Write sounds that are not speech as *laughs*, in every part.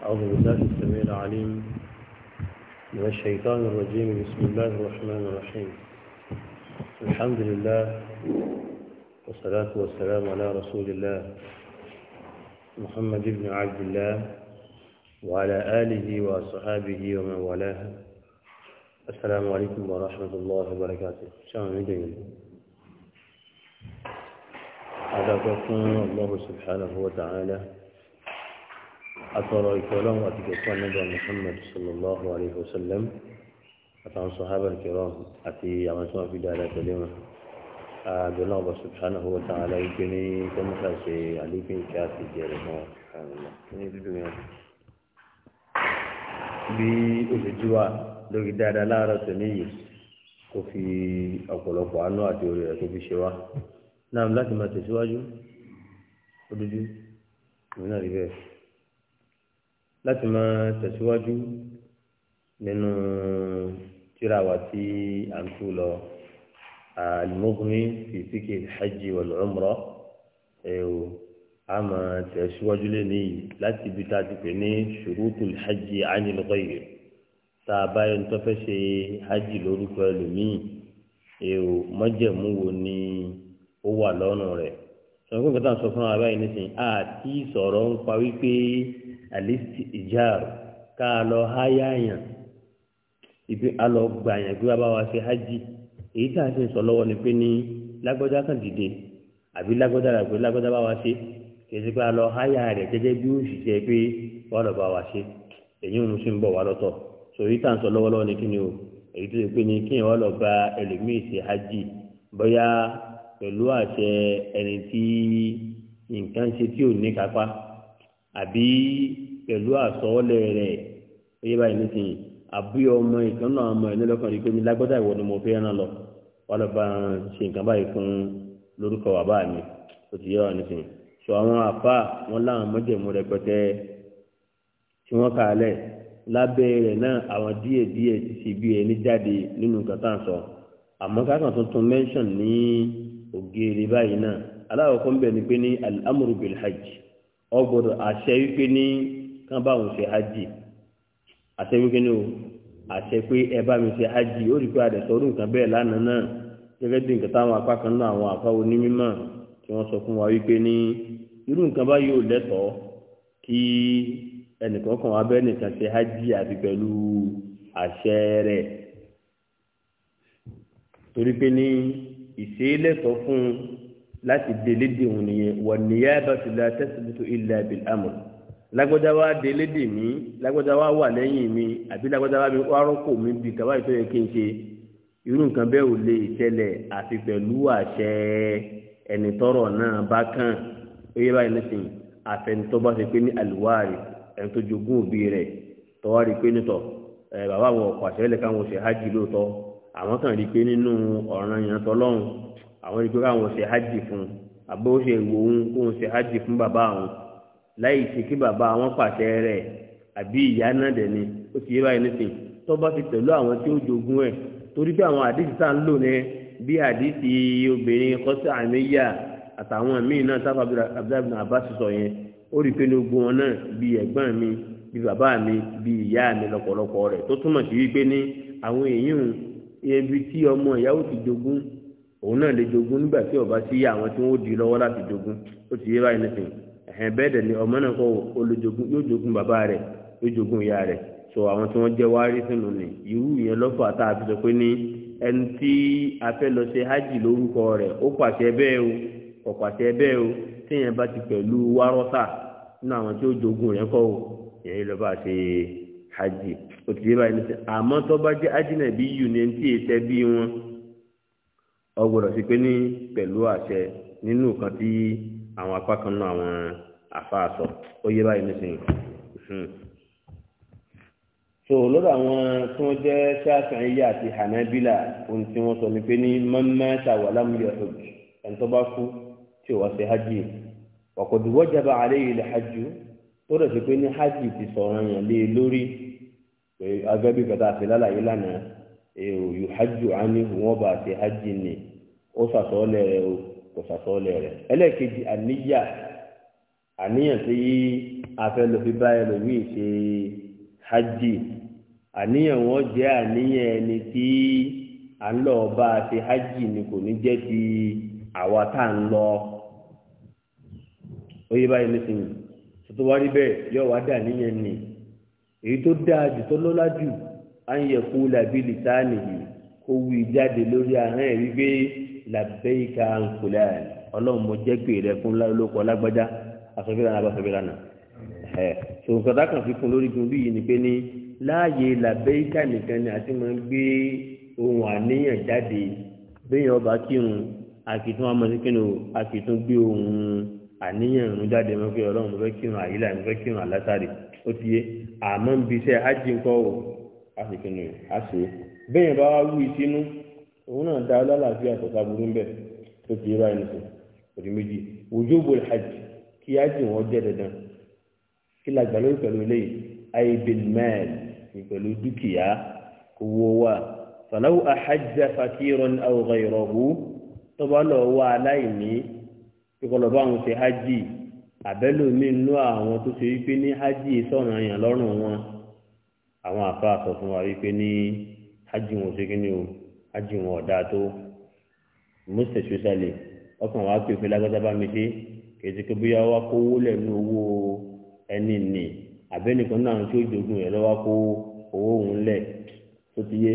أعوذ بالله السميع العليم من الشيطان الرجيم بسم الله الرحمن الرحيم الحمد لله والصلاة والسلام على رسول الله محمد بن عبد الله وعلى آله وصحابه ومن والاه السلام عليكم ورحمة الله وبركاته شامل مدين هذا الله سبحانه وتعالى atọrọ ìkọlọ́hún àti kẹfọ́n nígbà muhammed sallallahu alayhi wa sallam àtàwọn sọ̀hábà kẹrọ àti àwọn tí wọ́n fi dáadáa tẹ̀lé wọn. àbẹ̀lẹ̀ ọba subhanahu wa ta'ala ike ní kọ́mọ́tà ṣe àlékún ìkẹ́ àti ìjẹ̀rẹ̀ mọ́ ní dúdú yẹn. bí òṣèjú wa lórí dáadáa láàárọ̀ tẹ̀lé yìí kò fi ọ̀pọ̀lọpọ̀ àánú àti orí rẹ̀ kò fi ṣe wá. náà láti máa tẹ̀síwájú ó dúdú ìmúnà rí bẹ́ẹ̀ láti máa tẹ̀síwájú nínú tíráwá tí a ń tú lọ àlùmọ́gbìn fìsíkì hajj wàlúùmọ́rọ́ ẹ̀wò a máa tẹ̀síwájú lẹ́nu yìí láti ibi tá a ti pè ní ṣùrùtù hajj ánilọ́kọ̀ yìí tá a bá yẹn tó fẹ́ ṣe hajj lórúkọ ẹlòmíì èrò mọ́jẹ̀mú wo ni ó wà lọ́rùn rẹ̀ sọ̀rọ̀ kí n sọ fún wa báyìí nísìnyí àti sọ̀rọ̀ ń pa wípé àlìsí ìjáàrò ká lọ háyà yàn ibi alọ gbà yàn gbé bàbá wa ṣe hajj èyí tá a ṣe sọ lọ́wọ́ ni pé ní lágbọ́dá kan dìde àbí lágbọ́dá rà pé lágbọ́dá bá wa ṣe kèsì pé alọ háyà rẹ̀ gẹ́gẹ́ bí òṣìṣẹ́ pé wọ́n lọ bá wa ṣe èyí ń sún bọ̀ wá lọ́tọ̀ sọ èyí tá a sọ lọ́wọ́lọ́wọ́ ni kí ni o èyí tó ṣe pé ní kí wọ́n lọ bá ẹlòmíì ṣe hajj bóyá pẹ̀lú àṣẹ ẹni tí nǹkan ṣe tí ò ní kápá àbí pẹ̀lú àsọ̀ọ́lẹ̀ rẹ̀ oyè báyìí nísìnyí àbí ọmọ ìkan náà ọmọ ẹni lọ́kàn rí pé mi lágbọ́dá ìwọ ni mo fẹ́ ràn lọ wọ́n lọ bá ṣe nǹkan báyìí fún lórúkọ bàbá mi ó ti yọ nísìnyí sọ àwọn àfa wọn láwọn mọ́jẹ̀mú rẹpẹtẹ tí wọ́n kà á lẹ̀ lábẹ́ rẹ̀ náà àwọn díẹ̀ díẹ̀ ti ṣe bí ẹni jáde nínú nǹkan tá à ń sọ àmọ́ kákan tuntun mẹ́ńṣọ̀n ní ògèrè báyìí náà aláwọ̀ kan bẹ̀ ni pé ní alámùrù bìlhàjì ọgbọdọ àṣẹ wípé ní kán bá òun ṣe hajj àṣẹ wípé ní o àṣẹ pé ẹ bá mi ṣe hajj ó rí pé àdẹ̀sọ ọdún kan bẹ́ẹ̀ lánàá náà gẹ́gẹ́ bí nǹkan táwọn apá kan náà àwọn àfa onímọ̀ tí wọ́n sọ fún wa wípé ní irú nǹkan bá yóò lẹ́tọ̀ọ́ kí ẹnìkan kan wá bẹ́ẹ̀ nìkan ṣe hajj àti pẹ̀lú àṣẹ rẹ̀ torí pé ní ìṣe lẹ́tọ̀ọ́ fún un láti délé dè wọn nìyẹn wà níyà bàtú la tẹsibítù ilà bìl amọ̀ lágbọ́dá wa délé dè mí lágbọ́dá wa wà lẹ́yìn mi àbí lágbọ́dá wa wà rọ́pò mi bì kàwá ìtọ́ yẹ kí n ṣe irú nǹkan bẹ́ẹ̀ ò lè ṣẹlẹ̀ àfi pẹ̀lú àṣẹ ẹni tọrọ náà bá kàn ó yẹ báyìí lẹ́sìn àfẹnitọ́ bá ṣe pé ní àlùwárì ẹni tó jogún òbí rẹ̀ tọ́wọ́ rí pé nítọ̀ bàbá àwọn ọkọ̀ àṣẹ lẹ́ka àwọn òṣèhájì àwọn ìgbéra àwọn ṣe hajj fún àbó ṣe ìwò òun kóun ṣe hajj fún bàbá àwọn láì ṣe kí bàbá àwọn pàṣẹ rẹ àbí ìyá náà dẹ̀ ni ó ti yé báyìí nísìn tó bá ti pẹ̀lú àwọn tí ó jogún ẹ̀ torí pé àwọn àdìsí tá à ń lò ní bí àdìsí obìnrin kọ́sí àmìyà àtàwọn míì náà sáfà abdulhamid abbas sọ yẹn ó rí i pé ní gbogbo wọn náà bí ẹ̀gbọ́n mi bí bàbá mi bí ìyá mi lọ́pọ̀lọpọ̀ rẹ̀ tó túmọ̀ sí wípé ní àwọn èèyàn ebi tí ọmọ ìyàwó ti jogún òun náà lè jogún nígbà tí ọba sí àwọn tí wọn ó di lọ́wọ́ láti jogún ó ti yé báyìí nìkan ẹ̀hẹ̀n bẹ́ẹ̀ dẹ̀ ọmọ náà kọ́ olùjogún yóò jogún bàbá rẹ̀ yóò jogún ìyá rẹ̀ so àwọn tí wọ́n jẹ́ wárí sínú ni irú ìyẹn lọ́fọ̀ àtà àti sọ pé ní ẹni tí a fẹ́ lọ ṣe hajj lórúkọ rẹ̀ ó pàṣẹ bẹ́ẹ̀ o kò pàṣẹ bẹ́ẹ̀ o téèyàn bá ti pẹ̀lú wárọ́sà nínú àwọn tí ó jogún rẹ̀ kọ́ o ìyẹn lọ́ bá ṣe hajj ó ti yé báyìí ní sẹ́ ọgbọ́dọ̀ sí pé ní pẹ̀lú àṣẹ nínú nǹkan tí àwọn apá kan náà àwọn àfáà sọ ó yé báyìí nísìnyí hmm. so lọ́dọ̀ àwọn tí wọ́n jẹ́ ṣáàṣàn yíyá àti hanabila ohun tí wọ́n sọ ni pé ní mọ́mẹ́ta wà lámúyẹ̀ ọ̀jù ẹni tó bá kú tí ò wá sí hajj ọ̀kọ̀dùwọ́ jábà àlẹ́ ilẹ̀ hajj ó rẹ̀ sí pé ní hajj ti sọ̀rọ̀ yàn lé lórí agbẹ́bí kẹta àti lálàyé lánàá èrò yóò hajj àní wọ́n bá ti hajj ni ó sàtọ́ọ́lẹ̀ rẹ o kò sàtọ́ọ́lẹ̀ rẹ ẹlẹ́ẹ̀kejì àníyà àníyàn tí afẹ́ lọ fi bá ẹlòmíì ṣe hajj àníyàn wọn jẹ́ àníyàn ẹni tí à ń lọ bá a ṣe hajj ni kò ní jẹ́ ti àwa tá à ń lọ oyè báyìí nísìnyí tuntun wá rí bẹ́ẹ̀ yóò wá dà níyẹn nì èyí tó dáa jù tó lọ́lá jù á ń yẹ kó làbí lìtáàni yìí kó wí jáde lórí ahọ́n ẹ̀ wípé labẹ́yìká nkùlẹ̀ ọlọ́run mo jẹ́ gbé rẹ fún lóko lágbájá asọ́fẹ́lá náà abáfẹ́lá náà ẹ̀ sòǹkàtà kan fi kún lórí gun bí yìí ni pé ní láàyè labẹ́yìká nìkan ni àti máa ń gbé ohun àníyàn jáde béèyàn ọba kírun àkìtún amọ̀síkínú àkìtún gbé ohun àníyàn ìrún jáde mọ́ pé ọlọ́run mo fẹ́ kírun àyílà mo fẹ́ kírun àlátàrí ó ti yé àmọ́ ń bi iṣẹ́ ájì ńkọ́ ò á wá wú ìsínú òun náà dá lálàáfíà àtọ̀tà burú ń bẹ̀ tó ti rà ẹni sùn òdì méjì òjò bo hajj kí á jì wọ́n jẹ́ dandan kí la gbàlóyè pẹ̀lú eléyìí aibil mẹ́ẹ̀l ní pẹ̀lú dúkìá owó wa fàlàwù àhàjà fàkìrọ̀n àwòrán ìrọ̀hù tọ́ba lọ wá aláìní kíkọlọ̀ bá wọn ṣe hajj àbẹ́lòmí nú àwọn tó ṣe wípé ní hajj sọ̀rọ̀ yàn lọ́rùn wọn àwọn àfa sọ fún wa wípé ní hajj wọn ṣe kí ni o ájì wọn ọ̀dà tó mọ́sítẹ̀sì sálẹ̀ ọkàn wa pè fún lágbàdá bá mi ṣe kèsì pé bóyá wa kówó lẹ̀ ní owó ẹni nì àbẹ́nìkan náà tí ó jogun rẹ̀ lọ́wọ́ kó owó òun lẹ̀ tó ti yé.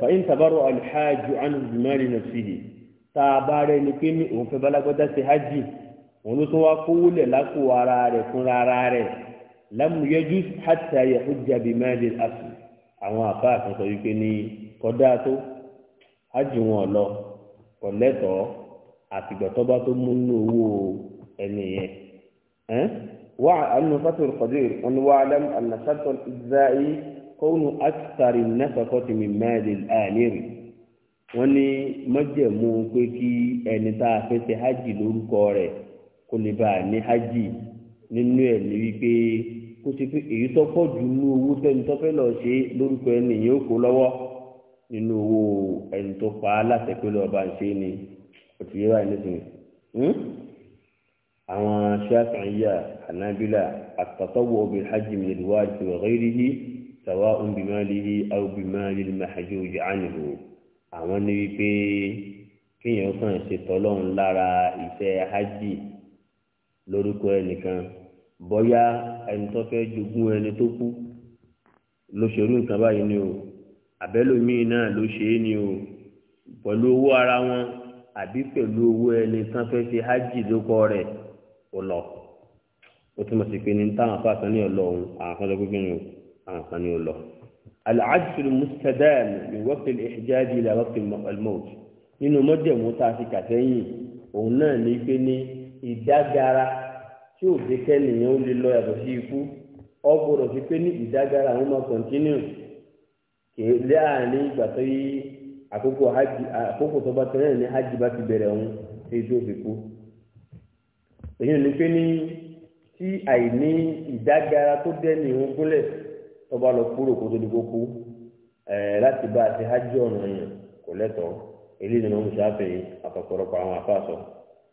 fàyín tabarọ alhaji anu jumari nafsidi tá a bá rẹ ni pé ní òun fẹ́ balagbada ṣe hajj òun ló tún wá kówó lẹ̀ lápò ara rẹ̀ fúnra ara rẹ̀ lámùyẹ́jú hàtà yahoo jabi mẹ́rin asu àwọn àbá àtúntò wípé ní kọdá tó ájù wọn lọ kọ lẹtọọ àtìgbọtọ bá tó mú nínú owó ẹni yẹn ẹn wà ánú fatul qadir wọn ni wà á lẹm ànàfàtọ ìzáyé kóònù àtìtàrí nẹfẹkọ tìmí mẹrin àlérè wọn ni mọjẹmú pé kí ẹni tá a fẹsẹ hajj lórúkọ rẹ kó lè bá a ní hajj nínú ẹ ní wípé kó ti pé èyí tó pọ̀ jù nínú owó tẹ́ni tó fẹ́ lọ ṣe lórúkọ ẹni yóò kó lọ́wọ́ nínú owó ẹni tó pa á láti pé lọ́ọ́ bá ń ṣe ni òtù yẹ báyìí nísìnyí. Hmm? àwọn ṣáàtàyà ànábìlà àtàtọ́wọ́ obìnrin hajj mi ìlú wa ti wọ̀rọ̀ ìrírí sàwa òǹbìmọ́lìhí àwòbìmọ́lìhí màhájú òjò ànìhò àwọn ní wípé kéèyàn kàn ṣe tọ́lọ́run lára ìṣe hajj lórúkọ ẹnìkan bọ́yá ẹni fẹ́ jogún ẹni tó kú ló ṣerú nǹkan báyìí ni o àbẹ́lòmíì náà ló ṣe é ni o pẹ̀lú owó ara wọn àbí pẹ̀lú owó ẹni tán fẹ́ ṣe hajj lókọ rẹ̀ ò lọ ó túmọ̀ sí pé ní táwọn afá kan ọ̀lọ́ òun àwọn kan lọ́gbẹ́ gbẹ́rin o àwọn kan ní ọ̀lọ́. العجز المستدام من وقت الإحجاج إلى وقت الموت nínú mọ́jẹ̀mú tá a ti kà sẹ́yìn òun náà ní pé ní ìdágara tí ò dé kẹ́nìyàn ó lè lọ yàtọ̀ sí ikú ọ gbọdọ̀ fi pé ní ìdágára àwọn máa kọ̀ntínú kèé láàrin ìgbà tó yí àkókò hajj àkókò tó bá tẹ̀lé ní hajj bá ti bẹ̀rẹ̀ ọ̀hún èyí tó fi kú. èyí ò ní pé ní tí àìní ìdágára tó dẹ́ni ìhun gúnlẹ̀ tó bá lọ kúrò kó tó di kú láti bá a ti hajj ọ̀nà yẹn kò lẹ́tọ̀ọ́ eléyìí ni wọ́n mú sáfẹ́ àtọ̀kọ̀rọ̀pọ̀ àwọn àfáàsọ̀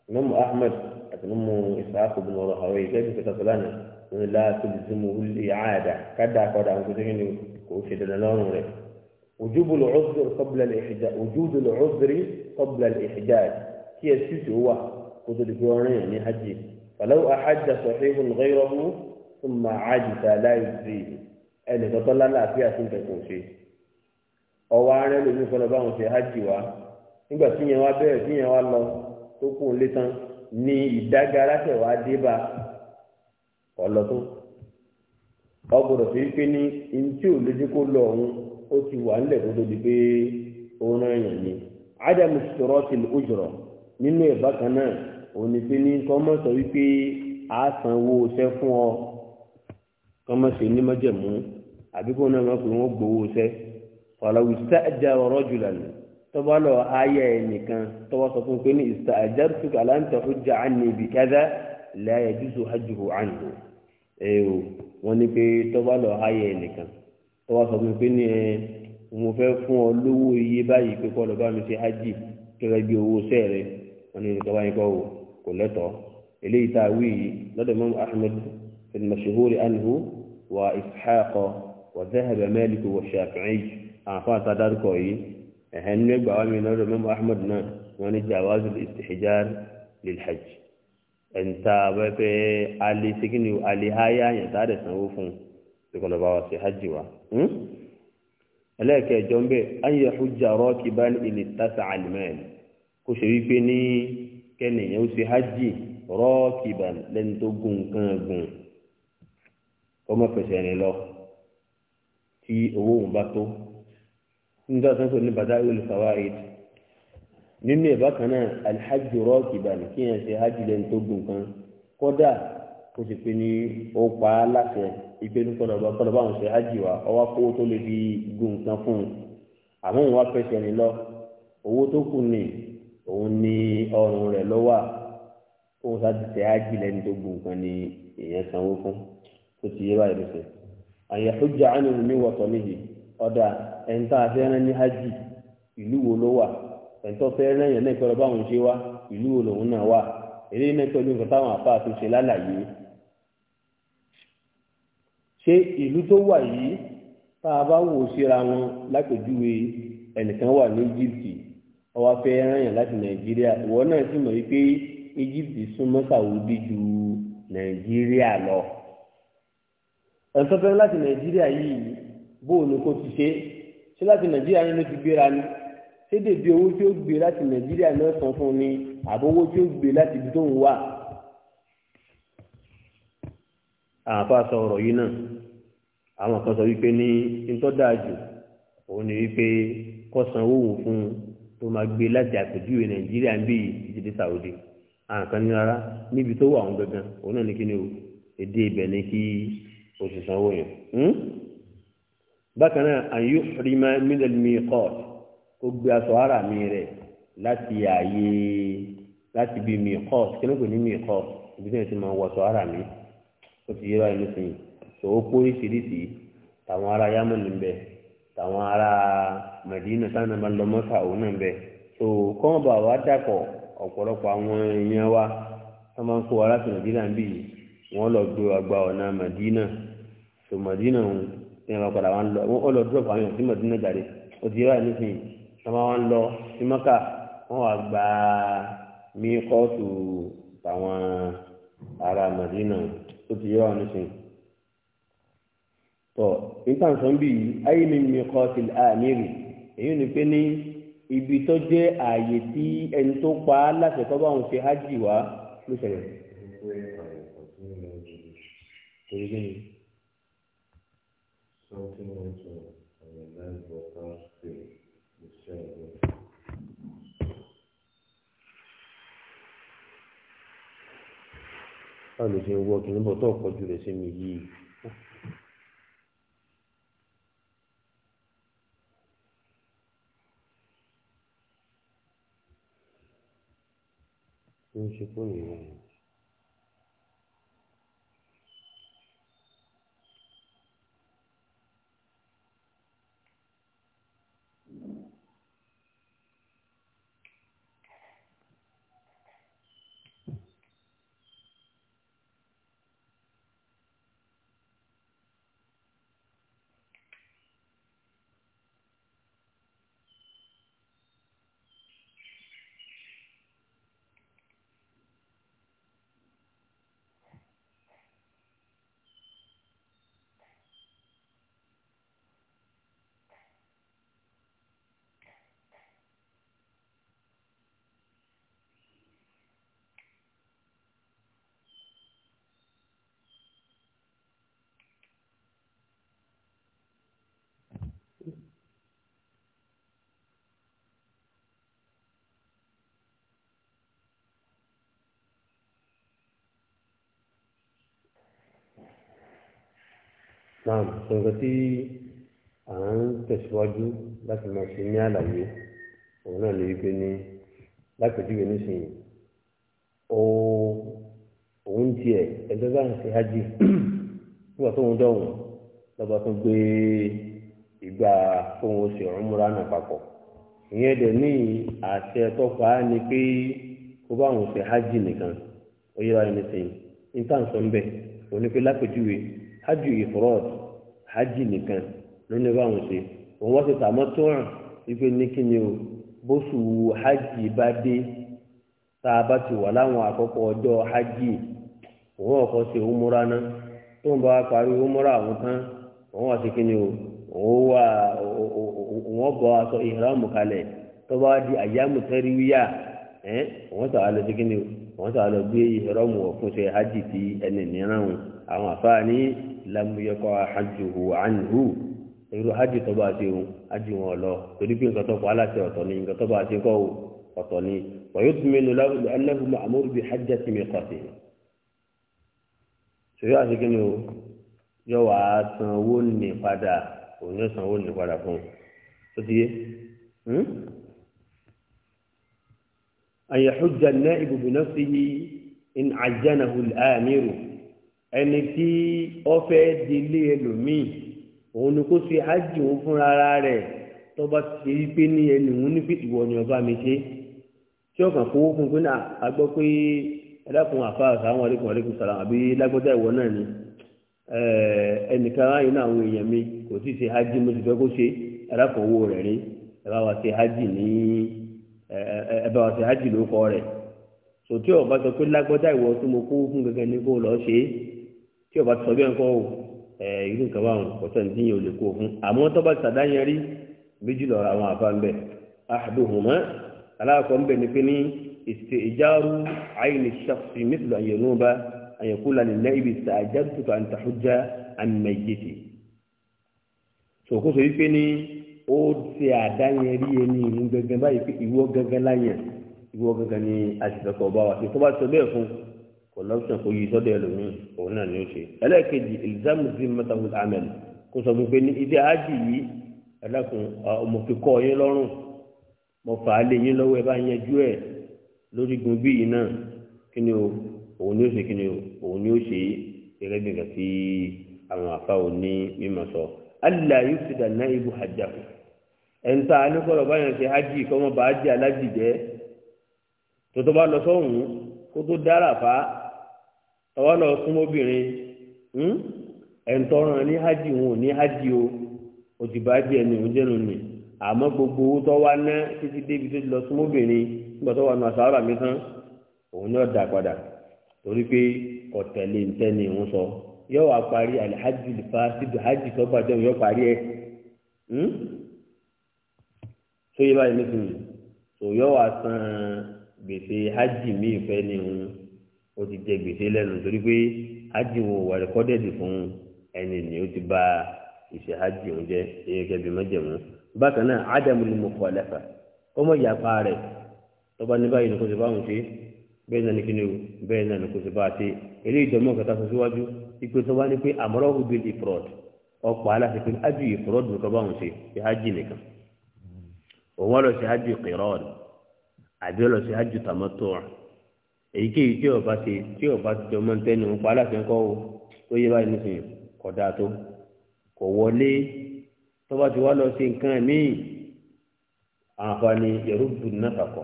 imam ahmed àti imam isaac bin ọlọhàwé ìgbẹ́bí kẹta sọlánà wọn ni láti lè zimu wuli àádá kádà kọ́dà àwọn kòtò yìí ni kò ṣe dandan lọ́rùn rẹ̀ ojúbù lọ́cọ́sìrì kọ́bìlà lẹ́xìjà ojúbù lọ́cọ́sìrì kọ́bìlà lẹ́xìjà kí ẹ sì tó wà kótó dìgbò ọ̀rìn ní hajj falaw ahajja sọ̀xíhù lọ́yọ̀rọ̀mù fún ma caajisa láì sí tó tọ́lá láàfin àtúntẹ̀ kò ṣe ọwọ́ arẹ́ lómi fọlọ́ báwọn ṣe hajj wa nígbà tíyẹn wa bẹ́ẹ̀ tíyẹn wa lọ tó kù ń lé tán ni ìdágara tẹ̀wá dé bá ọlọ́tún ọgbọ̀dọ̀ fi pé ní ntí ò lójú kó lọ ọ̀hún ó ti wà nílẹ̀ tó tóbi pé ó rán èèyàn ni ádámù sọ̀rọ̀ ti lè ojúrọ̀ nínú ẹ̀bá kan náà òní pé ní kọ́mọ̀ wípé a sanwó iṣẹ́ fún ọ kọ́mọ̀ ní mọ́jẹ̀mú àbíkó náà wọ́n pè wọ́n gbowó iṣẹ́ ọ̀làwùsá ẹ̀jẹ̀ ọ̀rọ̀ jùlọ nù tọ́ba lọ ayé ẹnìkan tọ́ba sọ fún pé ní ìsà àjẹrùsù kàlántà ó jà á ní ibi kẹ́dá lẹ́yìn jùsù hajjuhu ànú. ẹ o wọn ní pé tọ́ba lọ ayé ẹnìkan tọ́ba sọ fún pé ní ẹ mo fẹ́ fún ọ lówó iye báyìí pé kọ́ bá mi ṣe hajj kẹ́kẹ́ bí owó sẹ́ẹ̀rẹ́ wọn ní tọ́ba yẹn kọ́ o kò lẹ́tọ̀ọ́ eléyìí tá a wí yìí lọ́dọ̀ mọ́mú ahmed fìdímọ̀ṣẹ́hórí ànú wa ìfẹ́ àkọ wà ẹ̀hẹ́n ní ẹgbàá wàmí lọ́dọ̀ mẹ́mọ́ ahmed náà wọ́n ní jawazu istihijar lilhaj ẹ̀ǹta wẹ́pẹ́ alẹ́ sikini alẹ́ háyà yẹn tá a dẹ̀ sanwó fún ìkọlọ̀ bá wa sí hajj wa. Hmm? ẹlẹ́ẹ̀kẹ́jọ́ ń bẹ̀ ayé hujja rọ́ọ̀kì bá ní ilé tasa alimẹ́ẹ̀lì kó ṣe wípé ní kẹ́nìyàn ó ṣe hajj rọ́ọ̀kì bá lẹ́ni tó gun nǹkan gun kọ́mọ fẹsẹ̀ rìn lọ tí owó òun bá tó nígbà tó ń pè ní bàdá ìwé olùfàwáìd nínú ẹ̀ bákan náà alhaji rọ́ọ̀kì bàní kí yẹn ṣe hajj lẹ́nu tó gùn kan kódà kó sì pé ní ó pa á láṣẹ ìgbénu kọ́dọ̀bá kọ́dọ̀bá àwọn ṣe hajj wa ọwọ́ kó tó lè fi gùn kan fún un àmọ́ òun wá fẹsẹ̀ ní lọ owó tó kù ní òun ní ọrùn rẹ̀ lọ́wọ́ kó o sáà ti ṣe hajj lẹ́nu tó gùn kan ní èèyàn sanwó fún tó ti yé báyìí lọ́sẹ̀ àyẹ̀fọ́ jà á nínú mi wọ̀tọ̀ ọ̀dà ẹ̀ńtà afẹ́ràn ní hajj ìlú wo ló wà ẹ̀ńtọ́ fẹ́ràn yẹn náà ìpẹ́rọ báwọn ṣe wá ìlú wo lòun náà wà èdè náà pẹ̀lú nǹkan táwọn àpá àti ṣe lálàyé ṣé ìlú tó wà yìí tá a bá wò síra wọn lápèjúwe ẹnìkan wà ní íjíbítì ọwọ́ fẹ́ràn yẹn láti nàìjíríà ìwọ náà sì mọ̀ wípé íjíbítì súnmọ́ sàwùdí ju nàìjíríà lọ ẹ̀ńtọ́ fẹ́ràn láti nàìjíríà yìí bóòlù kò ti ṣe ṣé láti nàìjíríà yẹn ló ti gbéra ni ṣé dèbí owó tí ó gbé láti nàìjíríà náà san fún ni àbówó tí ó gbé láti ibi tó ń wà. àfa sọ ọ̀rọ̀ yìí náà àwọn kan sọ wípé ní ntọ́dà jù òun ni wípé kọ́sán owó wò fún un tó máa gbé láti àpèjúwe nàìjíríà ń bí ìdílé sàwọ́dì àǹkan ní rárá níbi tó wà òun gangan òun náà ní kí ni o èdè ibẹ̀ ní kí oṣù sanwó yẹn. Hmm? bákan náà àyù rímà mílẹ̀lmí kọ́ọ̀t kó gbé aṣọ ara mi rẹ̀ láti ààyè láti bí mi kọ́ọ̀t kí ló pè ní mi kọ́ọ̀t ibi tí wọ́n ti máa wọ aṣọ ara mi ó ti yé báyìí nísìnyí tó ó kó oríṣiríṣi tàwọn ará yámọ̀ ní bẹ́ẹ̀ tàwọn ará mẹ̀dínà sáà máa lọ mọ́ta òun náà bẹ́ẹ̀ tó kọ́mọ̀ bá wa dàpọ̀ ọ̀pọ̀lọpọ̀ àwọn èèyàn wa tó máa ń kó wa mẹ̀dínà bíi wọ́n lọ gbé wa ọ̀nà mẹ̀dínà tó mẹ̀dínà ìrìn ọ̀padà wa ń lọ ó lọ dúró fún àwọn èèyàn tí mọ̀dúnú jáde òtí yóò wà nísìnyí tọ́mọ wa ń lọ sí mọ́kà wọ́n wà gba mí kóòtù táwọn ará mọ̀dínà ó ti yóò tọ́ nípa nǹkan bíi ayé mi mi kọ́ ti àmìrì èyí ni pé ní ibi tó jẹ́ ààyè tí ẹni tó pa á láti ẹ̀kọ́ bá òun ṣe hájì wá ló ṣẹlẹ̀ something báwo ló ṣe ń wọ́ kìnnìbọ̀ tó kọjú rẹ̀ sí mi yìí. ó ń ṣe fún ìrìn náà nǹkan tí à ń tẹ̀síwájú láti máa ṣe ní àlàyé òun náà lè gbé ní lápèjúwe nísìnyí ó òun tiẹ̀ ẹgbẹ́ bá ń ṣe hajj nígbà tó ń dọ̀hùn lọ́ba tó gbé ìgbà fóun oṣù ọ̀run múra náà papọ̀ ìyẹn dẹ̀ ní àṣẹ tọ́pa ni pé kó bá òun ṣe hajj nìkan ó yẹ wáyé nísìnyí níta ń sọ ń bẹ̀ òun ni pé lápèjúwe hajj ifrod hajj nikan ló ní báwọn ṣe òun wá sí tàmọ́tòrán wípé ní kí ni o bóṣù hajj bá dé tá a bá ti wà láwọn àkọ́kọ́ ọjọ́ hajj òun ọ̀kọ́ ṣe òmúra náà tó ń bá parí òmúra àwọn tán òun wá sí kí ni o òun wá òun aṣọ tó bá di àyámù ẹ̀ òun kí wọ́n sá lọ gbé ìrọ́mù ọ̀fún ṣe hajj ti ẹni mìíràn àwọn àfáà ní lamuyẹkọ hajjuhu anhu irú hajj tó bá ṣe òun hajj wọn lọ torí pé nǹkan tó kọ aláṣẹ ọ̀tọ̀ ni nǹkan tó bá ṣe kọ́ ọ̀tọ̀ ni أن يحج النائب بنفسه إن عجنه الآمر ẹni tí ọfẹ délé ofe òun ni kó ṣe ájì òun fúnra ara rẹ tọba ti rí pé ní ẹni òun ní pé ìwọ ni ọba mi ṣe tí ọkàn kówó fún pé ni ráyìn náà àwọn èèyàn mi kò sì ṣe mo sì fẹ kó ṣe owó rẹ rí ẹ bá wa ṣe ẹbẹ ọsẹ hajj ló kọ rẹ sòtí ọba sọ pé lágbọjá ìwọ tó mo kó fún gẹgẹ ní kó lọ ṣe é tí ọba sọ bí kọ o ẹ irú nǹkan báwọn ọsẹ ní tíyẹn ò lè kó fún àmọ tọba sàdá yẹn rí méjì lọrọ àwọn àfa ń bẹ aláàkọ ń bẹ ní pé ní ṣàkóso ó ṣe àdáyẹrí ẹni ìmú gẹ́gẹ́ báyìí pé ìwọ gẹ́gẹ́ láyẹ̀ ìwọ gẹ́gẹ́ ni àṣìṣẹ́kọ̀ bá wa ṣe tó bá ṣe bẹ́ẹ̀ fún corruption kò yí sọ́dọ̀ ẹlòmíì òun náà ni ó ṣe ẹlẹ́ẹ̀kejì ìlzámù sí mẹ́tàkùn amẹ́lì kò sọ fún pé ní ilé ájì yìí ẹlẹ́kùn ọmọ fi kọ́ yín lọ́rùn mo fà á lé yín lọ́wọ́ ẹ bá yanjú ẹ̀ lórí gun bí yìí náà kí ni o òun ni ó ṣe kí ni o òun ni ó ṣe gẹ́gẹ́ bí nǹkan tí àwọn àfa ò ní mímọ̀ sọ alẹ́ yóò ti dà náà ibù àjàkùn ẹnta anukọ̀rọ̀ báyọ̀ ṣe hajj kọ́mọ bá jẹ́ alájìjẹ́ tòtò bá lọ sọ́hùn kó tó dára fa ọwọ́ lọ súnmọ́ obìnrin hmm? ẹ̀ńtọ́ràn ní hajj wọn ní hajj o o ti bá jẹ́ ẹni òun jẹ́nu nì àmọ́ gbogbo owó tó wá ná títí débi tó ti lọ súnmọ́ obìnrin nígbà tó wà nù àṣàrà mi tán òun náà dà padà torí pé ọ̀tẹ̀lẹ̀ ntẹ́ni òun sọ yóò wá parí alihajj fa síbi hajj tó bàjẹ́ òun yóò parí ẹ̀ hmm? tó yẹ báyìí nítorí tòyọ́ wa san gbèsè hajj míì fẹ́ ni òun ó ti jẹ gbèsè lẹ́nu torí pé hajj wo wà rẹ́kọ́dẹ̀dì fún ẹni ni ó ti ba ìṣe hajj òun jẹ èyí kẹbi mọ́jẹ̀mú bákan náà adamu ni mo kọ́ lẹ́fà ó mọ̀ ìyapa rẹ̀ tọ́ba ní ni kò sí báwọn ṣe bẹ́ẹ̀ náà ni kí ni o bẹ́ẹ̀ náà ni kò sí a ṣe kẹta òun lọ sí hajj kìrọ́ọ̀d àbí lọ sí hajj tàmọ́tò èyíkéyìí tí ọba ṣe tí ọba ti jọmọ ń tẹnu ń pa aláṣẹ ńkọ o tó yẹ báyìí nísìnyí kọ dáa tó kò wọlé tọba ti wá lọ sí nǹkan míì àǹfààní yẹrù dùn náà kàkọ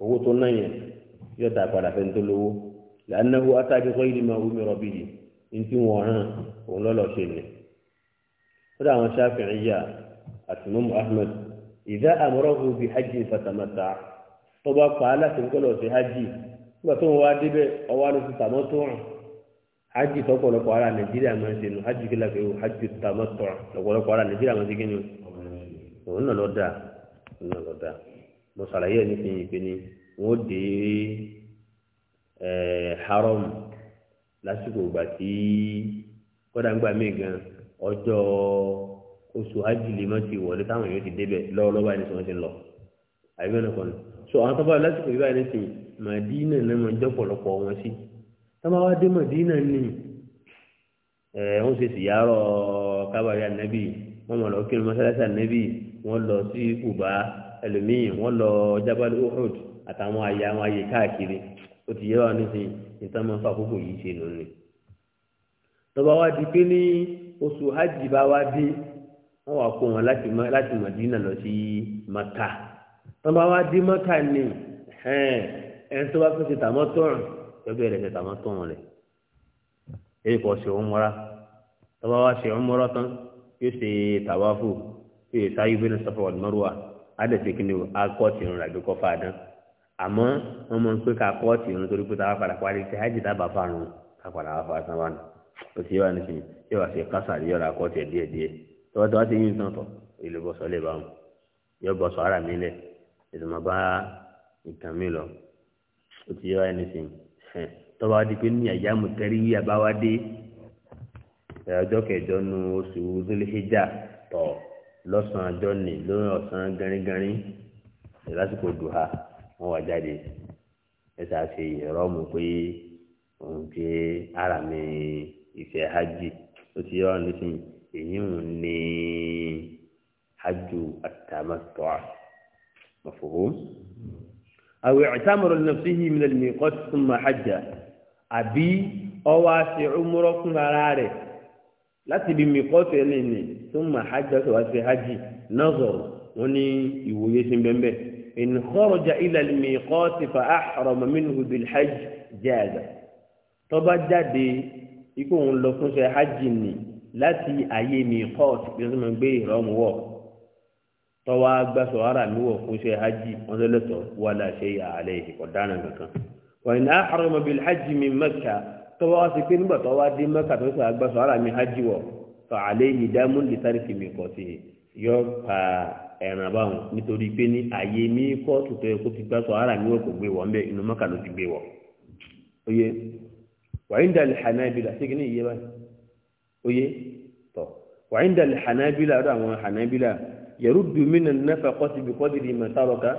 owó tó náà yẹn yóò dá padà fẹ́ tó lówó lànàwó atájú kọ́ yìí máa wúmi rọ́bì yìí ní tí wọ́n hàn òun lọ́lọ́ ṣe ni. ó dà àwọn sáfìrì yà àtìmọ́mù ahmed ìdá àmọ́rọ́hù bí hajj fatamata tó bá pa aláṣẹ ń kọ́lọ̀ sí hajj nígbà tó ń wá débẹ̀ ọwọ́ alóṣù tàmọ́tọ́rùn hajj tọ́pọ̀lọpọ̀ ara nàìjíríà máa ń ṣe nù hajj kìlá fẹ́ hajj tàmọ́tọ́rùn lọ́pọ̀lọpọ̀ ara nàìjíríà máa ń ṣe kí ni òun náà lọ dáa òun náà lọ mo ṣàlàyé ẹ̀ nífẹ̀ẹ́ yìí pé ni wọ́n dé haram lásìkò ìgbà tí kọ́dà ń gbà mí gan ọjọ́ oṣù ajílè mọ́ ti wọlé táwọn èèyàn ti débẹ̀ lọ́wọ́lọ́wọ́ àìní tí wọ́n ti lọ àìbẹ́nà kan so àwọn tọ́ba lásìkò yìí báyìí nísìnyí màdínà náà máa ń jẹ́ ọ̀pọ̀lọpọ̀ wọn sí tọ́ba wá dé màdínà ní ẹ̀ wọ́n ṣe sìyárọ̀ kábàárì ànábì wọ́n mọ̀ lọ kírun mọ́sálásí ànábì wọ́n lọ sí kùbá ẹlòmíì wọ́n lọ jábàlú ọ̀hùd àtàwọn àyè àwọn àyè káàkiri ó ti yẹ wá nísìnyí níta máa ń fa àkókò yìí ṣe nù ni tọ́ba wá di pé ní oṣù hajj bá wá dé wọ́n wá kó wọn láti mọ̀dínà lọ sí mọ́ta wọ́n bá wá dé mọ́ta ni ẹni tó bá fẹ́ ṣe tàmọ́tọ́rùn ẹgbẹ́ rẹ̀ ṣe tàmọ́tọ́rùn rẹ̀ èyí kò ṣe ọmọra tó bá wá ṣe ọmọra tán yóò ṣe tàwáfù yóò ṣe sáyé bínú sọfọ ọdúnmọ́rùwà adẹ̀sẹ̀ kí ni akọ́ọ̀tì irun rẹ̀ kọ́ fà dán àmọ́ wọ́n mọ̀ pé kakọ́ọ̀tì irun torí pé táwa padà parí ṣe hájì tábà fà rùn ká padà wá fà sánwó àná òṣèlú àníṣe yóò wá ṣe kásà yọ̀ọ̀rọ̀ tọ́wọ́ tọ́wọ́ ti yín tán tọ̀ èlò bọ́sọ̀ lè bá wọn yọ bọ́sọ̀ ara mi lẹ̀ ètò máa bá nǹkan mi lọ ó ti yọ ẹni sìn tọ́wọ́ á di pé ní àyà mo tẹ́rí yí abáwá dé ọjọ́ kẹjọ nu oṣù zolihejà tọ̀ lọ́sàn-án ọjọ́ nì lórí ọ̀sán gẹ́rígẹ́rí lásìkò dùhà wọ́n wà jáde ẹ̀sà ṣe ìrọ́mù pé òun ti ara mi ìfẹ́ hajj ó ti yọ ọ́ nísìnyí èyí ń ní hajj àtàmàtọ́à mafhum awi i'tamara li nafsihi min al-miqat thumma hajja àbí ọwọ́ àti umrọ̀ fún ara rẹ̀ láti ibi miqat ẹni ni thumma hajja tó wá sí hajj nazar wọn ní ìwòye sí bẹ́ẹ̀ in kharaja ila al-miqat fa ahrama minhu bil-hajj jaza tó bá jáde ikú láti àyè mi court bí wọ́n ti máa gbé ìrọ́mù wọ̀ tọ́wọ́ agbáṣọ ara mi wọ̀ fún ṣe hajj wọ́n tó lẹ́tọ̀ wà láṣẹ àlẹ́ ìkọ̀ dáná kankan wọ́n ní àhọ́rọ́mọ bíi hajj mi mẹ́ka tọ́wọ́ wá sí pé nígbà tọ́wọ́ adé mẹ́ka tó sọ agbáṣọ ara mi hajj wọ̀ tọ́ àlẹ́ mi dámú lè sáré mi kọ̀ sí i pa ẹ̀ràn báwọn nítorí pé ní àyè mi kóòtù tó yẹ oye tọ̀ wàyíǹda lè hànábílà rọ àwọn hànábílà yẹ̀rù dùmínà náfà kọ́sì bí kọ́sì di mọ̀tàrọ̀ká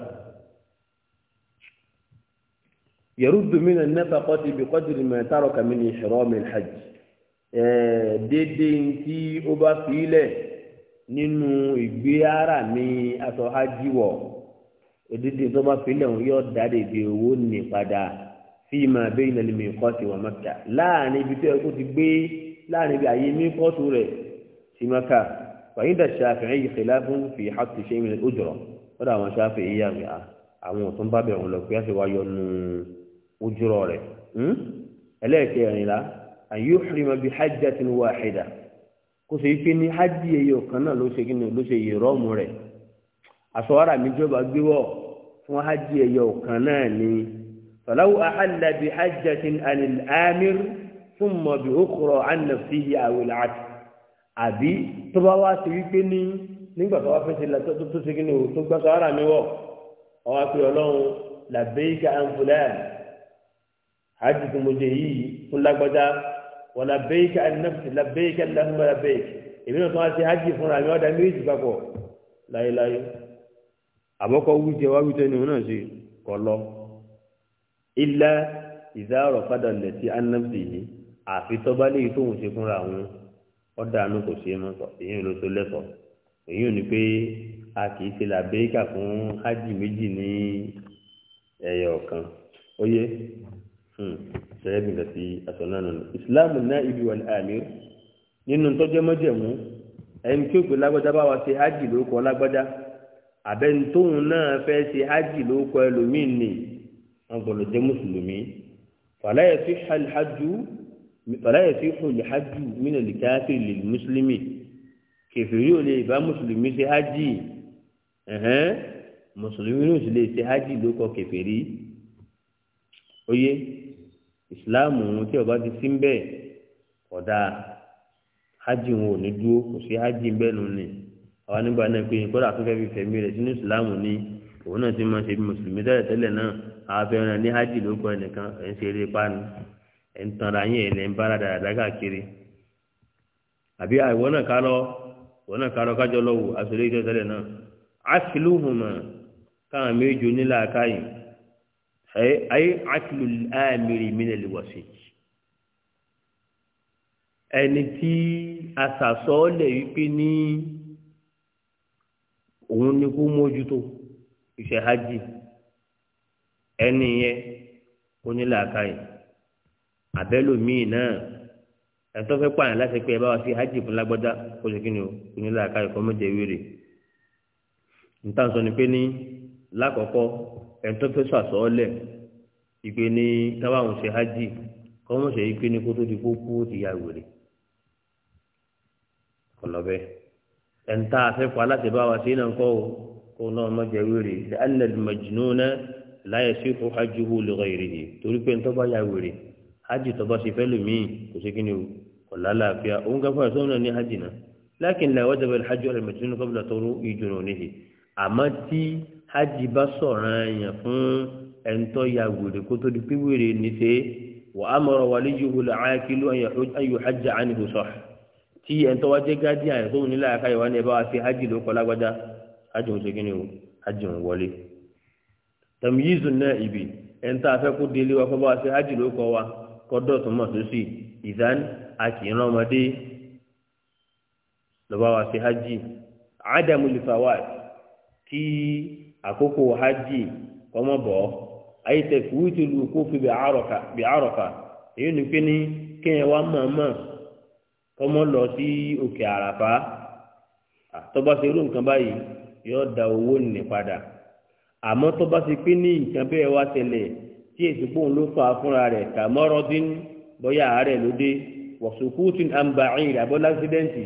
yẹ̀rù dùmínà náfà kọ́sì bí kọ́sì di mọ̀tàrọ̀ká mi ní ìṣòro mi hajj déédéé tí ó bá fi ilẹ̀ nínú ìgbé ara mi aṣọ hajj wọ̀ òdìdí tó bá fi ilẹ̀ wọn dáadé ìdè owó ní fíìmà bẹ́ẹ̀ ní ẹlẹ́mìí kọ́sì wà mọ́kà láàrin ibi tó yẹ ti gbé láàrin ibi àyè mí fọ́tò rẹ̀ sí maka fàyíǹda ṣàfihàn yìí xìlá fún fi hàtì ṣe ìmìlẹ̀ ó jọ̀rọ̀ ó dà àwọn ṣàfihàn yìí àmì àwọn ọ̀tún bá bẹ̀rù lọ pé àṣẹ wáyọ nù ó jọ̀rọ̀ rẹ̀ hmm? ẹlẹ́ẹ̀kẹrìnlá àyè òfìrìmọ̀ bí hajj àti wà àṣẹdà kó ṣe pé ní hajj ẹyẹ ọ̀kan náà ló ṣe kí ni ló ṣe yìí rọ́ọ̀mù rẹ̀ aṣọ mi jọba gbé fún hajj ẹyẹ ọ̀kan náà ni fàlàwù àhàlà bí hajj àti àmì fún mọ̀bí ó kúrọ̀ ànàfi àwìlà àti àbí tó bá wá ti wípé ní nígbà tó wá fẹ́ ṣe la tó ṣe kí ni o tó gbá sàárà mi wọ̀ ọwọ́ pé ọlọ́run làbẹ́yìká ànfọlẹ́ àti tó mo jẹ yìí fún lágbájá wọ́n làbẹ́yìká ànàfi làbẹ́yìká làhùnmọ́ làbẹ́yìká èmi náà tó wá ṣe hajj fúnra mi ọ̀dà méjì papọ̀ láyéláyé àmọ́kọ́ wíjẹ wá wíjẹ ni òun náà ṣe kọ́ lọ ilẹ̀ ìzáàrọ̀ padà lẹ̀ sí ànàfi yìí àfi tọ́ba léyìí tóun ṣe fúnra àwọn ọ̀dà àánú kò ṣe é mọ́ èyí ló tó lẹ́kọ̀ọ́ èyí ò ní pé a kì í ṣe làbẹ́ríkà fún hajj méjì ní ẹ̀yọ̀ kan ó yẹ ṣẹlẹ̀ bí gàtí aṣọ náà nù. ìsìláàmù náà ibi wà ní àmì nínú tọ́jọ́ mọ́jẹ̀mú ẹni tí ó pè lágbájá bá wa ṣe hajj ló kọ́ lágbájá àbẹ́ni tóun náà fẹ́ ṣe hajj ló kọ́ ẹlòmíì nì wọ́n gbọ́dọ̀ jẹ́ mùsùlùmí fàlàyé fi hajj fàlà yẹ fi kùn lè hajj mínà lè káfí lè mùsùlùmí kẹfìrí ò lè bá mùsùlùmí ṣe hajj mùsùlùmí ò sì lè ṣe hajj ló kọ kẹfìrí oyé ìsìláàmù ohun tí ọba ti sí ń bẹ kọdà hajj wọn ò ní dúró kò sí hajj ń bẹ nù ni àwa nígbà náà pé kódà tó fẹ́ fi fẹ̀mí rẹ̀ sínú ìsìláàmù ni òun náà ti máa ṣe mùsùlùmí tẹ́lẹ̀ tẹ́lẹ̀ náà àwọn afẹ́ràn ní hajj ló kọ ẹnìkan ẹ̀ ń ṣe eré ẹ̀ anyị tanra mbara ẹ̀ lẹ́ ń bára dáadáa káàkiri lọ ìwọ́ náà ká lọ kájọ lọ wò ka ìjọ tẹ́lẹ̀ náà àṣìlú hùmọ̀ yi méjì onílà káyìn ayé àṣìlú àmìrì tí asàsọ́ọ́lẹ̀ wípé ní ni kó mójútó ìṣe àbẹ́lòmíì náà ẹ̀tọ́ fẹ́ pààyàn láti pé ẹ bá wa sí hajj fún lágbọ́dá kó ṣe kí ni o kò ní láàka ẹ̀kọ́ méje wéèrè níta sọ ni pé ní lákọ̀ọ́kọ́ ẹ̀tọ́ fẹ́ sọ àsọ́ọ́lẹ̀ ìpè ní kábàáhùn ṣe hajj kọ́mọ̀ṣẹ́ ìpè ní kó tó di kó kú ó ti ya wèrè kọlọ́bẹ́ ẹ̀ńtà afẹ́fọ́ aláṣẹ bá wa sí náà kọ́ o kó náà méje wéèrè lẹ́ẹ̀lẹ́dìmọ̀jìnnú náà láyẹ̀ sí hajj tó bá ṣe fẹ́ lòmíì kò ṣe kí ni o kò lálàáfíà òun ká fún ẹ̀ sọ́nà ní hajj náà lákìn làwọn ọjà bẹ̀rẹ̀ hajj ọ̀rẹ́ mẹ̀tìrínú kọ́bìlà tó rú ìjùnà oníhe àmọ́ tí hajj bá sọ̀ràn yàn fún ẹ̀ńtọ́ ya wèrè kó tó di pé wèrè ní ṣe wà á mọ̀rọ̀ wà lé yìí wòlò àákìlú ayò hajj ànihu sọ tí ẹ̀ńtọ́ wá jẹ́ gádíà tó ní láyàká ìwà ni ẹ bá wá sí hajj ló kọ́ lágbájá hajj ń ṣe kí ni o hajj ń wọlé tàmíyízù náà ibì ẹ̀ńtọ́ afẹ́kú délé wa fọ́ bá wá hajj ló kọ́ wa kọ́dọ̀ tó mọ̀ tó sì ìdán a kì í rán ọmọdé lọ́ba wa sí hajj ádámù lìfàwà kí àkókò hajj kọ́mọ bọ̀ ayé tẹ̀ kú wíìtì lu kó fi bẹ̀ àrọ̀fà èyí ni pé ní kéèyàn wá mọ̀ mọ̀ kọ́mọ lọ sí òkè àràfà tọ́ba irú nǹkan báyìí yóò da owó nì padà àmọ́ tọ́ba pé ní nǹkan bẹ́ẹ̀ wá tẹ̀lé tí èsìkò ń ló fà á fúnra rẹ̀ kà mọ́rọ́dín bọ́yá àárẹ̀ ló dé wọ̀sùkútùn àǹbààyìn àbọ̀ lásìdẹ́ǹtì